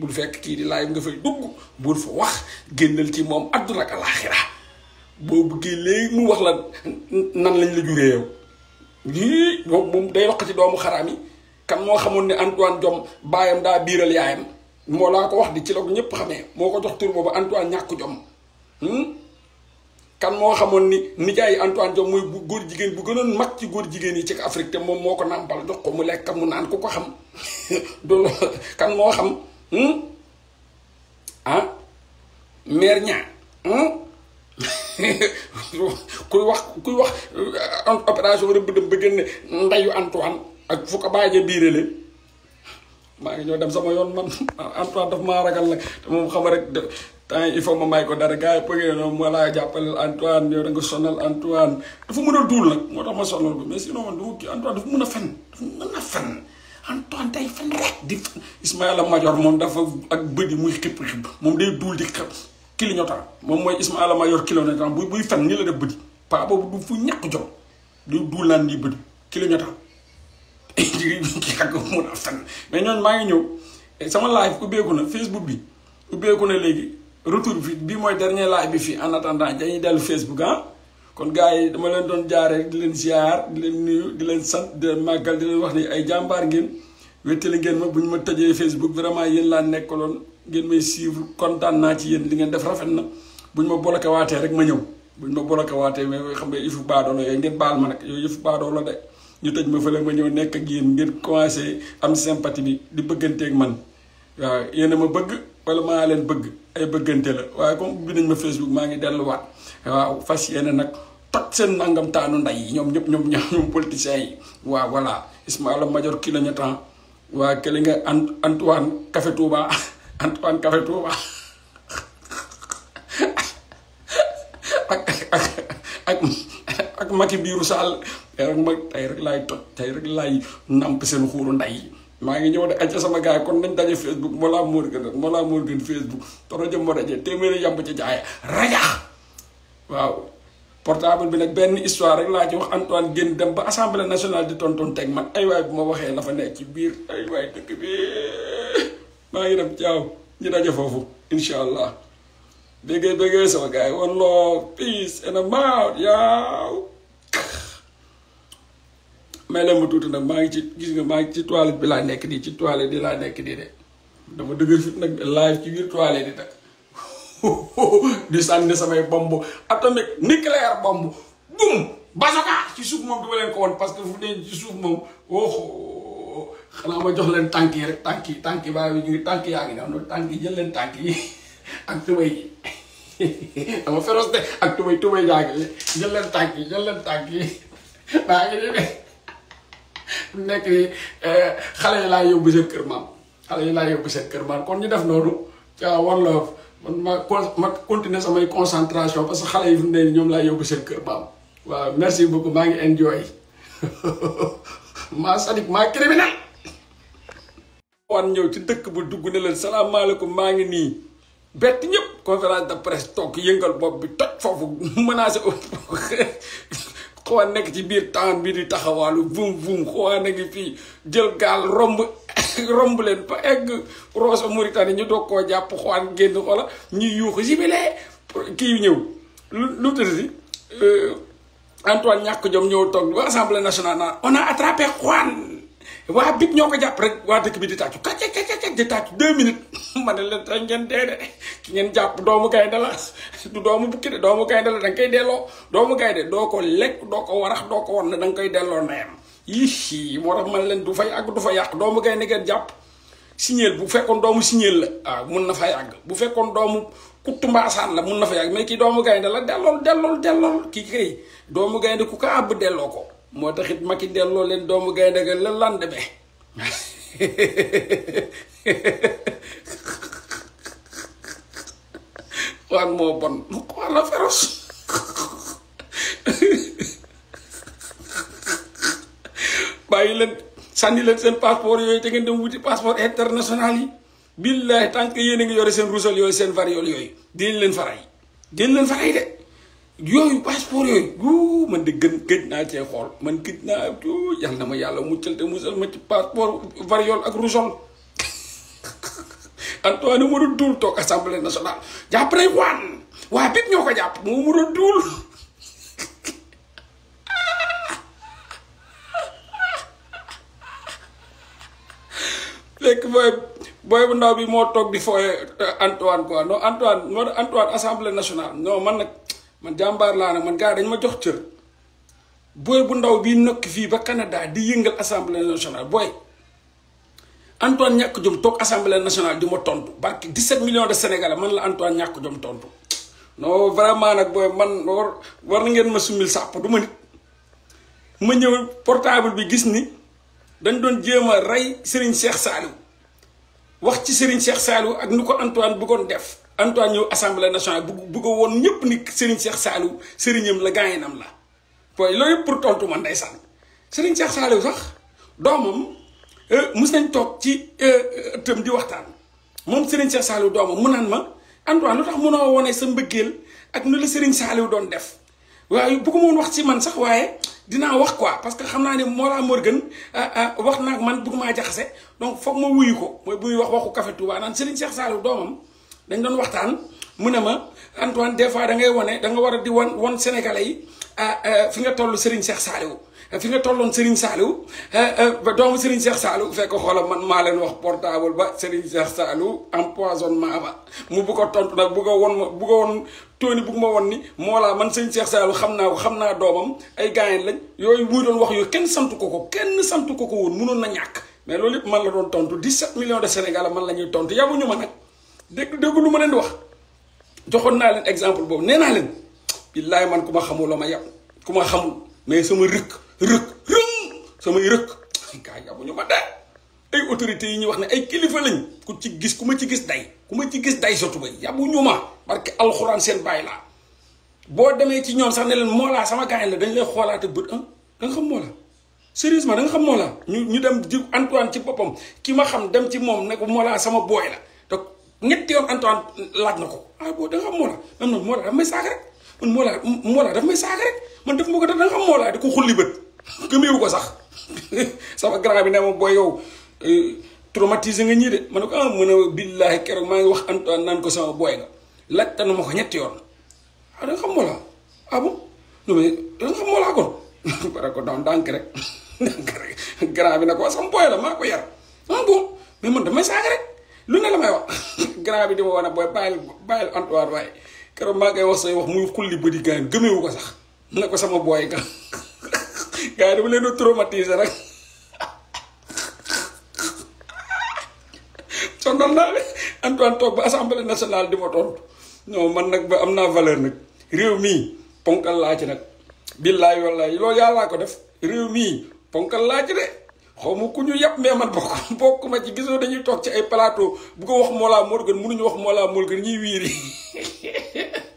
bul fekk kii di live nga fay dugg bul fa wax génnal ci moom àdduna ak alaaxira boo bëggee léegi wax la nan lañ la juree yow lii day wax ci doomu xaraam yi kan moo xamoon ne Antoine Diome baayam daa biiral yaayam moo laa ko wax di ci la ko ñëpp xamee moo ko jox tur boobu Antoine ñàkk Diome hmm? kan moo xamoon ni nijaay Antoine Diome mooy góor jigéen bu gënoon mag ci góor jigéen yi ci Afrique te moom moo ko nàmpal jox ko mu lekk mu naan ku ko xam kan moo xam ah maire ñaa kuy wax kuy wax euh, opération rëbb dëm ba génne ndayu Antoine ak fu ko baajee biirale maa ngi ñoo dem sama yoon man Antoine daf maa ragal nag te moom xam rek temps il faut ma may ko dara gars yi pëggee noonu ma laa jàppaleel Antoine yow da nga sonal dafa mën a duul nag moo tax ma sonal ko mais sinon man du ma kii Antoine dafa mën a fen dafa mën a fen Antoine day fen rek di Ismaïla Madior moom dafa ak bëri muy xëpp xëpp moom day duul di xëpp clignotant moom mooy Ismaïla Madior clignotant bu buy fen ni la def bëri paa boobu du fu ñàkk jom di duul naan nii bëri clignotant ki yàgg mais ñooñu maa ngi ñëw sama live ubbeeku na Facebook bi ubbeeku na léegi retour bi bii mooy dernier live bi fii en attendant dañuy dellu Facebook ah kon gaa yi dama leen doon jaaree di leen ziar di leen nuyu di leen sant di leen di leen wax nii ay jàmbaar ngeen wéttali ngeen ma bu ñu ma tëjee Facebook vraiment yéen laa nekkaloon ngeen may suivre kontaan naa ci yéen li ngeen def rafet na bu ñu ma bloqué waatee rek ma ñëw bu ñu ma bloqué waatee mais xam nga yëfu baadoo la yooyu ngeen baal ma nag yooyu yëfu baadoo la de ñu tëj ma fële ma ñëw nekk ak yéen ngeen commencé am sympathie bi di bëgganteeg man waaw yéen a ma bëgg. wala ma leen bëgg ay bëggante la waaye comme ubbi nañ ma Facebook maa ngi delluwaat waaw fas yéene nag toj seen nangam taanu nday yi ñoom ñëpp ñoom ñaar ñoom politiciens yi waaw voilà Ismaïla major ki la ñu temps waa kële nga Antoine Café Touba Antoine Café Touba ak ak ak ak biiru Sall tey rek ma tey rek laay toj tey rek laay namp seen xuuru nday yi maa ngi ñëw acca sama gaay kon nañ daje facebook mo Morgun Mollah Morgun facebook jëm mo daje téeméeri yàmb ci jaay raja waaw portable bi nag benn histoire rek laa ci wax Antoine génn dem ba assemblée nationale di tonton teg man ay waay bu ma waxee la fa nekk ci biir ay waay dëkk bi maa ngi dem jaaw ñu daje foofu insha allah béggee sama gaay wan loo peace and a mouth yaaw may leen ma tuuti nag maa ngi ci gis nga maa ngi ci toilette bi laa nekk nii ci toilette di laa nekk nii de dama dëgër fit nag live ci biir toilette di nag di sànni samay bomb atomique nucléaire bomb bum basoka ci suuf moom duma leen ko woon parce que fu ne suuf moom oh xanaa ma jox leen tànk yi rek tànk yi tànk yi baa ñu ngi tànk yaa ngi ne am na tànk yi jël leen tànk ak tubay dama féroce de ak tubay tubay yaa ngi jël leen tànk yi jël leen tànk baa ngi ne nekk eh, xale yi laa yóbbu seen kër maam xale yi laa yóbbu seen kër maam kon ñu def noonu ca One Love man ma ma continuer samay concentration parce que xale yi fi ne ñoom laa yóbbu seen kër maam waaw merci beaucoup maa ngi enjoy maa sadik maa criminel wan ñëw ci dëkk bu dugg ne leen salaamaaleykum maa ngi nii bett ñëpp conférence de presse toog yëngal bopp bi toj foofu menacé xoo nekk ci biir taan bi di taxawaalu vum vum xoo nekk fii jël gaal romb romb leen ba egg Rosso Mauritanie ñu doog koo jàpp xooaan génn xoola ñuy yuuxu sibilee kii ñëw lu lu tëdd si euh, Antoine ñàkk jom ñëw toog ba assemblée nationale naa on a attrapé waa bip ñoo ko jàpp rek waa dëkk bi di tàccu kàcce kàcce di tàccu deux minutes ma leen dañ ngeen dee de ki ngeen jàpp doomu gaynde la du doomu bukki de doomu gaynde la da nga koy delloo doomu gaynde doo ko lekk doo ko warax doo ko won ne da nga koy delloo ndeyam yii moo tax man leen du fay àgg du fa yàq doomu gaynde ngeen jàpp signeel bu fekkoon doomu signeel la waaw ah, mun na fa yàgg bu fekkoon doomu kuttu mbaasaan la mun na fa yàgg mais kii doomu gaynde la dellool dellool dellool kii kay doomu gaynde ku ko àbb delloo ko moo taxit Macky delloo leen doomu gaynde ga la lendemain waan moo bon walla féroce bàyyi leen sànni leen seen passeport yooyu te ngeen dem wuti passeport international yi billahi tant que yéen a ngi yore seen roussel yooyu seen variol yooyu dinañ leen faray dinañ leen faray de yooyu passeport yooyu man de gën gëj naa cee xool man gëj naa yal na ma yàlla muccal te musal ma ci passeport variole ak rougeole Antoine mu doon duul toog assemblée nationale jàpp nañ waan waa bit moo mu doon bu ndaw bi moo toog di fooye Antoine quoi non Antoine moo Antoine assemblée nationale non man nag man jambar la nak man gaay dañ ma jox cër boy bu ndaw bi nokk fi ba Canada di yëngal assemblée nationale Boy, Antoine ñak jom tok assemblée nationale di ma tontu barki 17 millions de sénégalais man la Antoine ñak jom tontu no vraiment nak boy man war war ngeen ma sumil sap duma nit ma ñew portable bi gis ni dañ doon jema ray Serigne Cheikh salou wax ci Serigne Cheikh salou ak nu Antoine bëggoon def. Antoine ñëw assemblée nationale bu bu ko woon ñëpp ni Serigne Cheikh Saliou sëriñam la gaañinam la waaye loolu pour tontu man ndeysaan Serigne Cheikh Saliou sax doomam euh, mus nañ toog ci euh, euh, tëm di waxtaan moom Serigne Cheikh Saliou doomam mu naan ma Antoine lu tax mënoo wone sa mbëggeel ak nu la Serigne Saliou doon def waaye bu ko moon wax si man sax waaye dinaa wax quoi parce que xam naa ne Mollah Morgun wax naag man bëgg maa jaxase donc foog ma wuyu ko mooy buy wax waxu Café Touba naan Serigne Cheikh Saliou doomam. dañ doon waxtaan mu ne ma Antoine des fois da ngay wane da nga war a di wan wan sénégalais yi ah, ah, fi nga toll Serigne Cheikh Saliou ah, fi nga tolloon Serigne Saliou ba doomu Serigne Cheikh Saliou fekk xoolam man maa leen wax portable ba Serigne ba mu bu ko tontu nag bu ko won ma bu ko won tóoni bu ma ni moo laa man Serigne Cheikh Saliou xam naa ko xam naa doomam ay gaayen lañ yooyu muy doon wax yooyu kenn santu ko ko kenn santu ko ko woon mënoon na ñàkk mais loolu yëpp man la doon tontu 17 millions de Sénégalais man la ñuy tontu yabuñu ma nag. dégg dégg lu ma leen di wax joxoon naa leen exemple boobu nee naa leen billaay man ku ma xamul la ma yàpp ku ma xamul mais sama rëkk rëkk rëng samay rëkk gaa yabu ñu ma dee ay yi ñuy wax ne ay kilifa lañ ku ci gis ku ma ci gis day ku ma ci gis day sotuba yabu ñu ma barke alxuraan seen bàyyi laa boo demee ci ñoom sax ne leen moolaa sama gaañ la dañ lay xoolaate bët ah da nga xam moolaa sérieusement da nga xam moolaa ñu ñu dem ji Antoine ci boppam ki ma xam dem ci moom ne ko moolaa sama booy ñetti yoon Antoine laaj na ko ah boo da nga xam Mollah man daf may saaga rek man Mollah Mollah daf may saaga rek man daf ma ko def da nga xam Mollah ko xulli bët ko sax sama grand bi ne ma booy yow eh, traumatisé nga ma ne ko ah mën a billaahi keroog maa ngi wax ma ñetti yoon ah da nga xam Mollah ah rek bi ne ko ah, man daf may saaga rek lu ne la may wax grand bi di ma wax ne booy bàyyil bàyyil Antoine waaye keroog maa ngay wax say wax muy xulli bëri gaañ gëmewu ko sax na ko sama booy ga gars dama leen doon rek sonal naa ne Antoine toog ba assemblée nationale di ma tontu non man nag ba am naa valeur nag réew mii ponkal laa ci nag billaay wallaay loolu yàllaa ko def réew mii ponkal laa de. xomu ku ñu yàpp me man bokku bokku ma ci gisoo dañuy tok ci ay plateau bu ko wax gën mënu ñu wax Mollah gën ñi wiri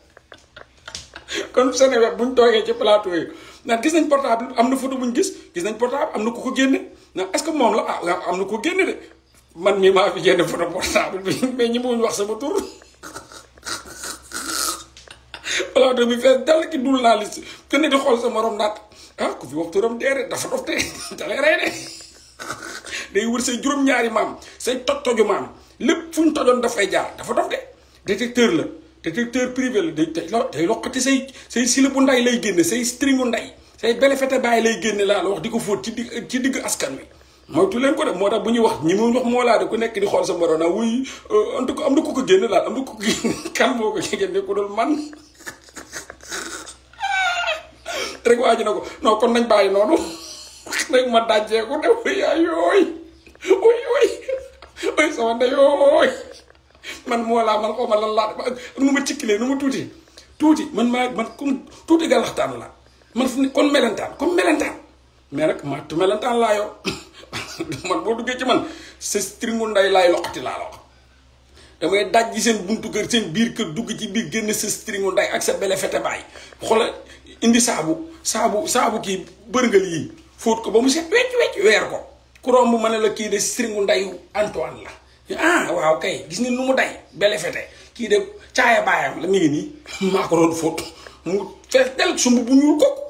kon Seneweb buñ toge ci plateau yi na gis nañ portable amna na photo buñ gis gis nañ portable amna ku ko genn ah, na est ce que mom la amna de man mi ma fi génne photo portable bi mais ñi muñ wax sama wala do mi fees dal ki dul naa liste di xol sama rom nat ah ku fi waxtu rom dere dafa dofte dalay de day wër say juróom-ñaari maam say toj-toju maam lépp fu ñu tojoon daf fay jaar dafa dof de détecteur la détecteur privé la day day loqati say say sila bu nday lay génne say stringu nday say belefete bàyyi lay génne laa la wax di ko fóot ci digg ci digg askan wi moytu leen ko de moo tax bu ñuy wax ñi mu wax moo laa de ku nekk di xool sa morom naa wuy euh, en tout am na ko ko génne daal am na ko ko kan moo ko ci génne ku dul man rek waaju na ko non kon nañ bàyyi noo nag ma dajee ko ne wuy ayooy wuy wuy wuy man moo laa man xaw ma lan laa nu ma cikkilee nu ma tuuti tuuti man maa man comme tuuti galaxtaan la man fu ne kon melentaan comme melentaan mais nag mattu melentaan laa yow man boo duggee ci man sa stringu nday laay loxati laa la wax damay daj ji seen buntu kër seen biir kër dugg ci biir génn sa stringu nday ak sa bele fete baay xoolal indi saabu saabu saabu kii bërngal yii fóot ko ba mu set wecc wecc weer ko ku romb ma ne la kii de sringu ndeyu Antoine la ah waaw kay gis nga nu mu day bele kii de caaya baayam la mi ngi nii maa ko doon fóot mu fees del sumb bu ñuul kooku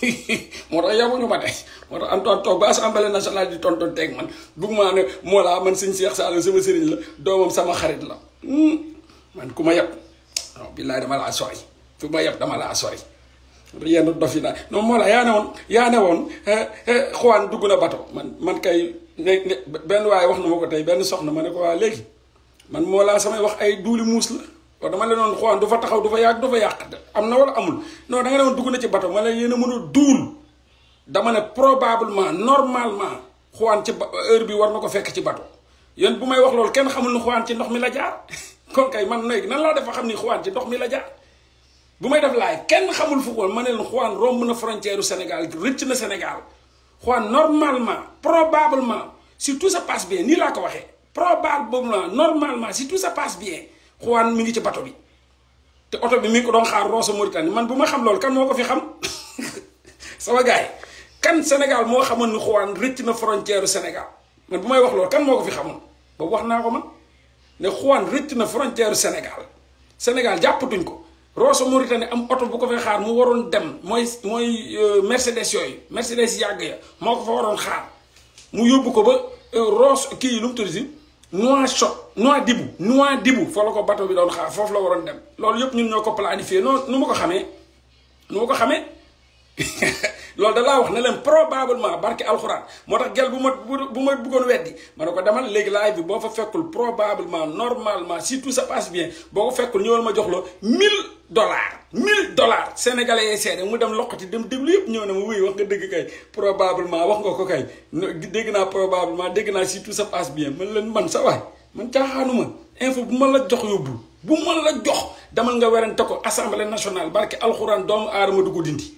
moo tax yabuñu ma tey moo tax Antoine toog ba assemblée nationale di tonton teeg man bugg maa ne moo laa man sëñ Cheikh Sall sama sëriñ la doomam sama xarit la hmm, man ku ma yab waaw billaay dama laa sori fu ma yab dama laa sori yenn dof yi naa non moo la yaa ne woon yaa ne woon xuwaan eh, eh, dugg na bato man man kay ne benn waaye wax na ma ko tey benn soxna ma ne ko waa léegi man moo laa samay wax ay duuli muus la waaw dama leen woon xuwaan du fa taxaw du fa yàgg du fa yàq am na wala amul non da ne woon dugg na ci bato ma ne yéen a duul dama ne probablement normalement xuwaan ci heure bi war na ko fekk ci bato yéen bu may wax loolu kenn xamul ne xuwaan ci ndox mi la jaar kon kay man léegi nan laa defa xam ni xuwaan ci ndox mi la jaar bu may def live kenn xamul football ma ne leen Juan romb na frontière Sénégal rëcc na Sénégal Juan normalement probablement si tout ça passe bien nii laa ko waxee probablement normalement si tout ça passe bien Juan mu ngi ci bato bi te oto bi mi ko doon xaar Rosso Mauritanie man bu ma xam loolu kan moo ko fi xam kan Sénégal moo xamoon ni Juan rëcc na frontière Sénégal man bu may wax loolu kan moo ko fi xamoon boobu wax naa ko man ne Juan rëcc na frontière Sénégal Sénégal jàppatuñ ko. Rosso Mauritanie am oto bu ko fay xaar mu waroon dem mooy mooy euh, Mercedes yooyu Mercedes yàgg ya moo ko fa waroon xaar mu yóbbu ko ba euh, Rosso kii yi lu mu tudd si Nouakchott Nouadhibou Nouadhibou fa la ko bateau bi doon xaar foofu la waroon dem loolu yëpp ñun ñoo ko planifié noonu nu ma ko xamee nu ma ko xamee loolu da wax ne leen probablement barke alxuraan moo tax gel bu ma bu ma bëggoon weddi ma ne ko demal léegi live bi boo fa fekkul probablement normalement si tout se passe bien boo ko fekkul ñëwal ma jox loo 1000 dollars 1000 dollars sénégalais yi seede mu dem loqati dem déglu yëpp ñëw ne ma wuy wax nga dëgg kay probablement wax nga ko kay dégg naa probablement dégg naa si tout se passe bien man leen man sa waay man caaxaanuma info bu ma la jox yóbbul bu ma la jox demal nga werante ko assemblée nationale barke alxuraan doomu aadama du ko dindi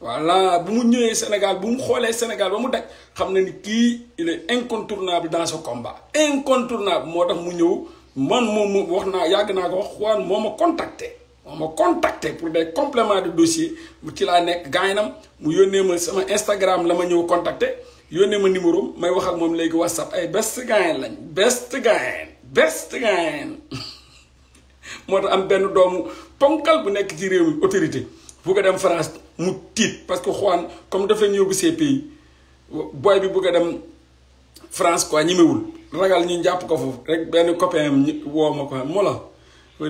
voilà si mu ñëwee Sénégal Sénégal si mu daj xam il est incontournable dans ce combat incontournable moo mu ñëw man contacté contacté pour des compléments de dossier ci mu ma sama Instagram lama contacté ma numéro may wax ak WhatsApp ay best lañ best best am benn doomu ponkal bu ci réew autorité bu ko dem France mu tiit parce que Juan comme daf leen yóbbu ces pays booy bi bëgg a dem France quoi ñemewul ragal ñu jàpp ko foofu rek benn copain am woo ma ko moo la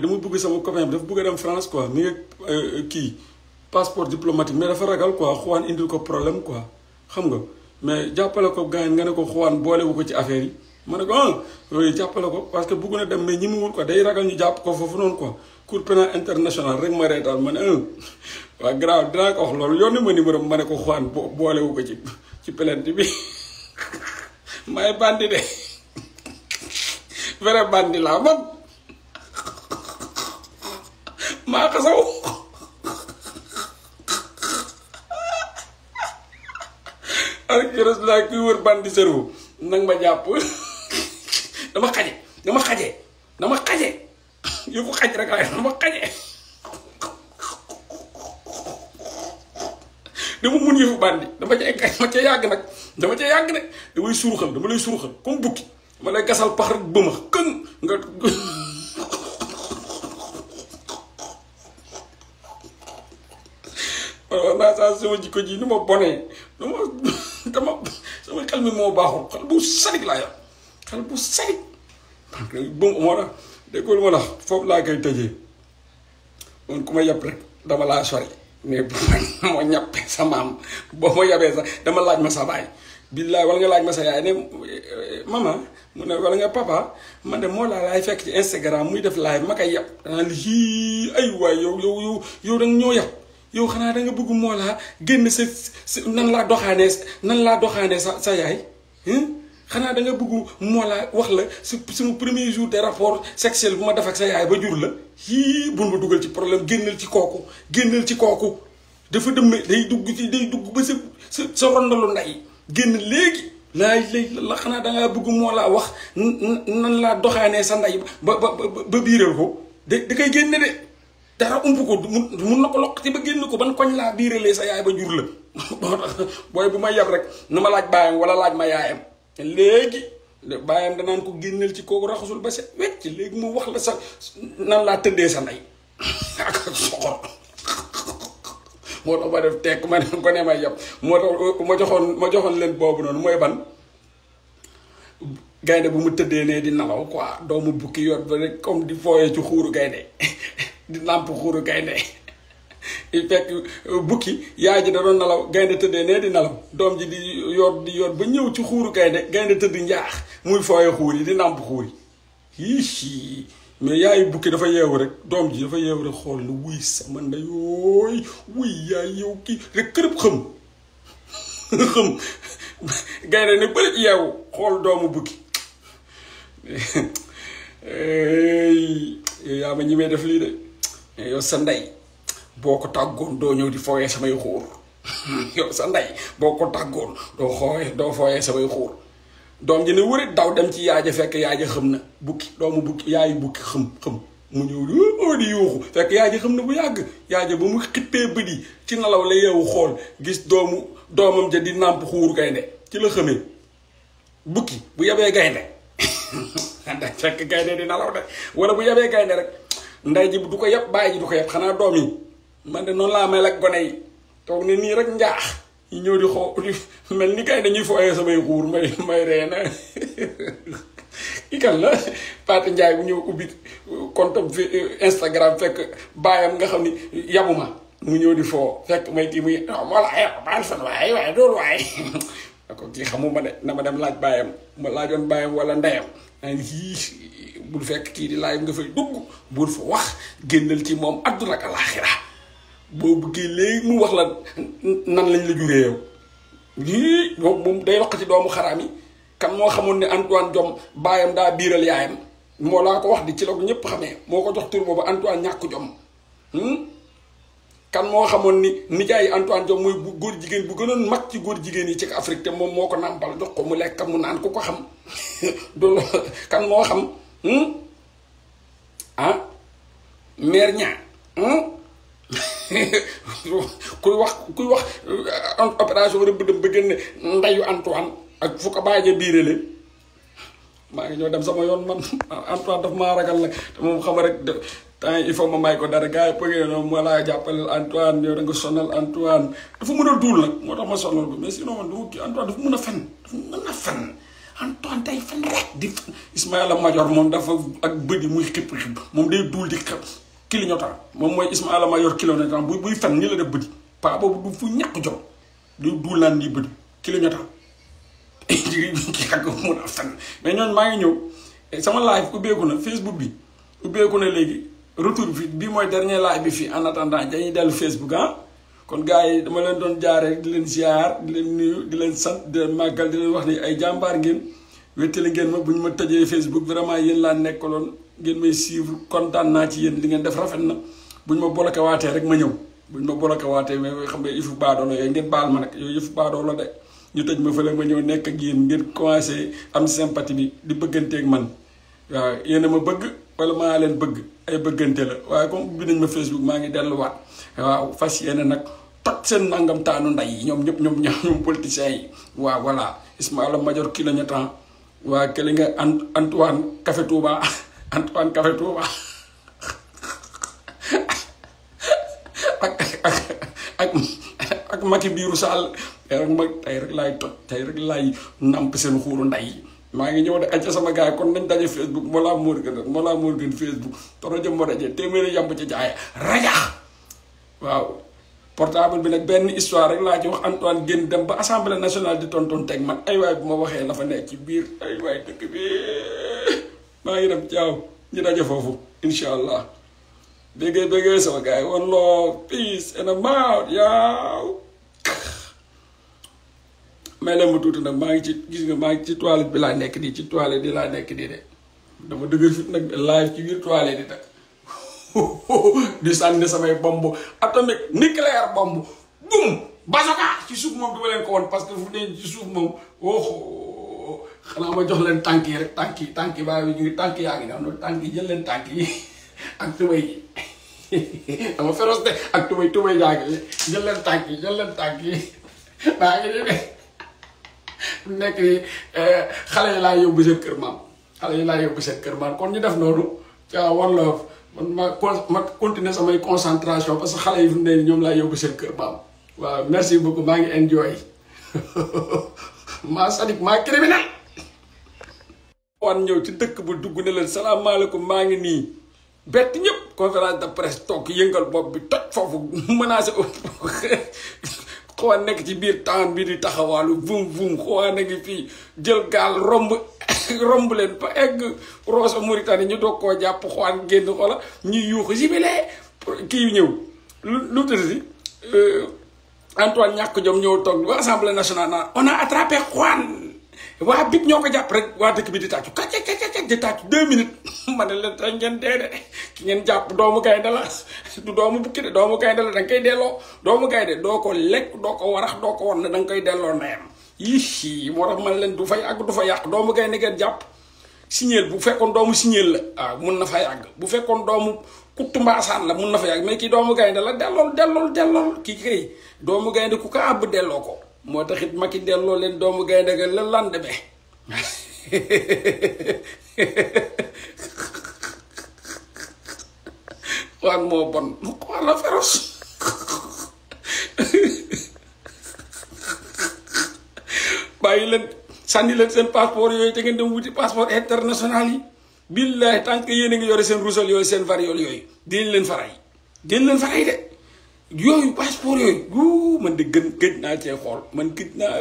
dama bëgg sama copain bi bëgg a dem France quoi mi ngi euh, kii passeport diplomatique mais dafa ragal quoi Juan indil ko problème quoi xam nga mais jàppale ko gaañ nga ne ko Juan boolewu ko ci affaire yi ma ne ko ah jàppale ko parce que bëgg na dem mais ñemewul quoi day ragal ñu jàpp ko foofu noonu quoi cour pénal international rek ma reetaan ma ne ah, waa garaaw dinaa ko wax loolu yónni ma numéro ma ne ko xwaan boolewu ko ci ci plainte bi may bandi de vrai bandi laa man maa xasaw ak laa kuy wër bandi sërwu nag ma jàpp dama xaje dama xaje dama xaje yu ko xaj rek laay dama xaje dama mun yëfu bandi dama ca dama ca yàgg nag dama ca yàgg de damay suruxal dama lay suruxal comme bukki dama lay gasal pax rek bëma këŋ nga waaw naa saa sama jikko ji nu ma bonee nu ma dama sama xel bu sadik laa yor xel bu sadik bëm moo tax laa koy tëjee man ku ma yàpp rek dama laa sori mais moo ñàppee sa maam boo ma yabee sa dama laaj ma sa baay billaay wala nga laaj ma sa yaay ne maman mu ne wala nga papa man ne moo laa laay fekk ci Instagram muy def live ma koy yab danaa li ay waay yow yow yow yow ñoo yab yow xanaa da nga bëgg moo laa génn sa nan laa doxaanee nan laa doxaanee sa sa yaay xanaa da nga bëgg moo laa wax la su suñu premier jour de rapport sexuel bu ma def ak sa yaay ba jur la yii bul dugal ci problème génnal ci kooku génnal ci kooku dafa dem day dugg ci day dugg ba sa sa sa rondalu génn léegi laay léegi da ngaa bëgg moo wax nan laa doxaanee sa ba ba ba da koy génne de dara ump ko mun na ko loqati ba génn ko ban koñ laa biiralee sa yaay ba jur boo tax booy bu ma yab rek na ma laaj baayam wala laaj ma yaayam. te léegi bàyyam danaan ko génneel ci kooku raxasul ba set wecc léegi mu wax la sa nan laa tëddee sa ndey ak moo tax ma def tekk ma ne ko ne ma yàpp moo tax ma joxoon ma joxoon leen boobu noonu mooy ban gaynde bu mu tëddee ne di nalaw quoi doomu bukki yor ba rek comme di fooyee ci xuuru gaynde di nàmp xuuru gaynde il fekk euh, bukki yaay ji da doon gaynde tëddee nee di nelaw doom ji di yor di yor ba ñëw ci xuuru gaynde gaynde tëdd njaax muy fooye xuur yi di nàmp xuur yi hi mais yaayu bukki dafa yeewu rek doom ji dafa yeewu xool ne wuy sama ndeyooy yaay yow kii rek kërëb xëm xëm gaynde ne bëri yeewu xool doomu bukki yow yaa ma ñi def lii de yow sa ndey boo ko tàggoon doo ñëw di fooyee samay xuur yow sa ndey boo ko tàggoon doo xooyee doo fooyee samay xuur doom ji ne wërit daw dem ci yaay fekk yaay xam na bukki doomu bukki yaayu bukki mu ñëw di oo xam na bu yàgg yaay ja mu xittee bët yi ci nalaw la yeewu xool gis doomu doomam ja di nàmp xuur gaynde ci la bukki bu yebee gaynde da fekk gaynde di nalaw de wala bu yebee gaynde rek ndey ji du ko yeb bàyyi ji du ko yeb xanaa doom yi man de noonu laa mel ak gone yi toog nii rek njaax ñu ñëw di xoo di mel ni kay dañuy fooyee samay xuur may may ree na la Pate Ndiaye bu ñëw ubbi compte Instagram fekk baayam nga xam ni yabuma mu ñëw di foo fekk may kii muy non ah, eh, waaye waaye doolu waaye d'accord kii xamuma de na ma dem laaj baayam ma laajoon baayam wala ndeyam bul fekk kii di laaj nga fay dugg bul fa wax génnal ci moom àdduna ak alaaxira boo bëggee léegi mu wax la nan lañ la juree yow yii day wax ci doomu xaraam yi kan moo xamoon ni Antoine Diome baayam daa biiral yaayam moo laa ko wax di ci la ko ñëpp moo ko jox tur boobu Antoine ñàkk Diome hmm? kan moo xamoon ni nijaay Antoine Diome mooy bu góor jigéen bu gënoon mag ci góor jigéen yi ci Afrique te moom moo ko nàmpal jox ko mu lekk mu naan ku ko xam dool kan moo xam hmm? ah mère ñaa kuy wax kuy wax euh, opération rëbb dëm ba génne ndayu Antoine ak fu ko bàyyee biirale maa ngi ñoo dem sama yoon man Antoine daf maa ragal nag te moom xam rek temps il faut ma may ko dara gars yi pëggee noonu ma laa jàppaleel Antoine yow da nga sonal dafa mën a duul nag moo tax ma sonal ko mais dafa mën a fen dafa mën a fen Antoine day fen rek fen Ismaïla moom dafa ak bëdi muy xipp xipp moom day duul di xepp clignotant moom mooy ismaila ma yor clignotant buy buy fen ni la def bëdi pa boobu du fu ñàkk jom du du lan ni bëdi clignotant ki ka ko mo na fen mais ñoon ma ngi ñew sama live ko na facebook bi ko na léegi retour bi bi moy dernier live bi fi en attendant dañuy dal facebook ah kon gaay dama leen doon rek di leen ziar di leen nuyu di leen sant de magal di leen wax ni ay jambar ngeen wéttali ngeen ma bu ma tëjee facebook vraiment yeen la nekkaloon ngeen may suivre kontaan naa ci yéen li ngeen def rafet na buñ ma bloqué waatee rek ma ñëw buñ ma bloqué waatee mais xam nga yëfu baadoo la yooyu ngeen baal ma yooyu yëfu baadoo la de ñu tëj ma fële ma ñëw nekk ak yéen commencé am sympathie bi di bëgganteeg man yéen a ma bëgg wala maa leen bëgg ay bëggante la waaye comme bi nañ ma Facebook maa ngi delluwaat waaw fas yéene nag toj seen nangam taanu ñoom ñëpp ñoom ñaar ñoom politiciens waaw voilà Ismaïla Madior kii la ñu temps waa kële nga Antoine Café Touba. Antoine Café Touba ak ak ak ak Macky biiru Sall tey rek ma tey rek laay toj tey rek laay namp seen xuuru ngi de acca sama gak, kon nañ Facebook Mollah Morgun mur Morgun Facebook toro jëm mola aja, temen yang ci jaay raja waaw portable bi nag benn histoire rek laa ci wax Antoine génn dem ba assemblée nationale di tonton teg man ay waay bu ma waxee la fa nekk ci biir ay dëkk bi maa ngi dem jaaw ñu foofu incha allah béggee béggee sama gars yi one peace and I'm out yaaw may leen ma tuuti nag maa ngi ci gis nga maa ngi ci toilette bi laa nekk nii ci toilette di laa nekk nii de dama dëgër fit nag live ci biir toilette di nag di sànni samay bomb atomique nucléaire bomb bum basoka ci suuf moom dama leen ko woon parce que fu ne ci suuf moom oh. xanaa ma jox leen tànk yi rek tànk yi tànk yi baa ñu ngi tànk yaa ngi ne am na tànk yi jël leen tànk yi ak tubay yi dama féroce de ak tubay tubay yaa ngi jël leen tànk yi jël leen tànk yi baa ngi nii de nekk nii eh, xale yi laa yóbbu seen kër maam xale yi laa yóbbu seen kër maam kon ñu def noonu ca One man ma con ma continuer samay concentration parce que xale yi fi ne ñoom laa yóbbu seen kër maam waaw merci beaucoup maa ngi enjoy maa sadik maa criminel waan ñëw ci dëkk bu dugg ne leen salaamaaleykum maa ngi nii bett ñëpp conférence de presse toog yëngal bopp bi toj foofu menacé xawaa nekk ci biir temps bi di taxawaalu vum vum xawaa nekk fii jël gaal romb romb leen ba egg Rosso Mauritanie ñu doog koo jàpp xawaan génn xoola ñuy yuuxu sibilee kii ñëw lu lu euh, Antoine ñàkk jom ñëw toog ba assemblée nationale naan on a attrapé xawaan waa bip ñoo ko jàpp rek waa dëkk bi di tàccu kàcce kàcce kàcce di tàccu deux minutes ma ne leen dee de ki ngeen jàpp doomu gaynde la du doomu bukki de doomu gaynde la da delloo doomu gaynde doo ko lekk doo ko warax doo ko won ne da nga koy delloo ndeyam yii moo tax ma leen du fa yàgg fa yàq doomu gaynde ngeen jàpp signeel bu fekkoon doomu signeel la waaw ah, mun na fa yàgg bu fekkoon doomu kuttu mbaasaan la mun na fa yàgg mais kii doomu gaynde la dellool dellool dellool kii kay doomu gaynde ku ko àbb delloo ko moo taxit Macky delloo leen doomu gaynde ga la lendemain Juan moo bon Juan la féroce bàyyi leen sànni leen seen passeport yooyu te ngeen dem wuti passeport international yi billahi tant que yéen a ngi yore seen ruusal yooyu seen variole yooyu dinañ leen faray dinañ leen faray de yooyu passeport yooyu wuu man de gën gëj naa cee xool man gëj naa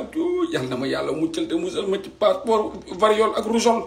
yàlla na ma yàlla muccal te musal ma ci passeport variole ak rougeole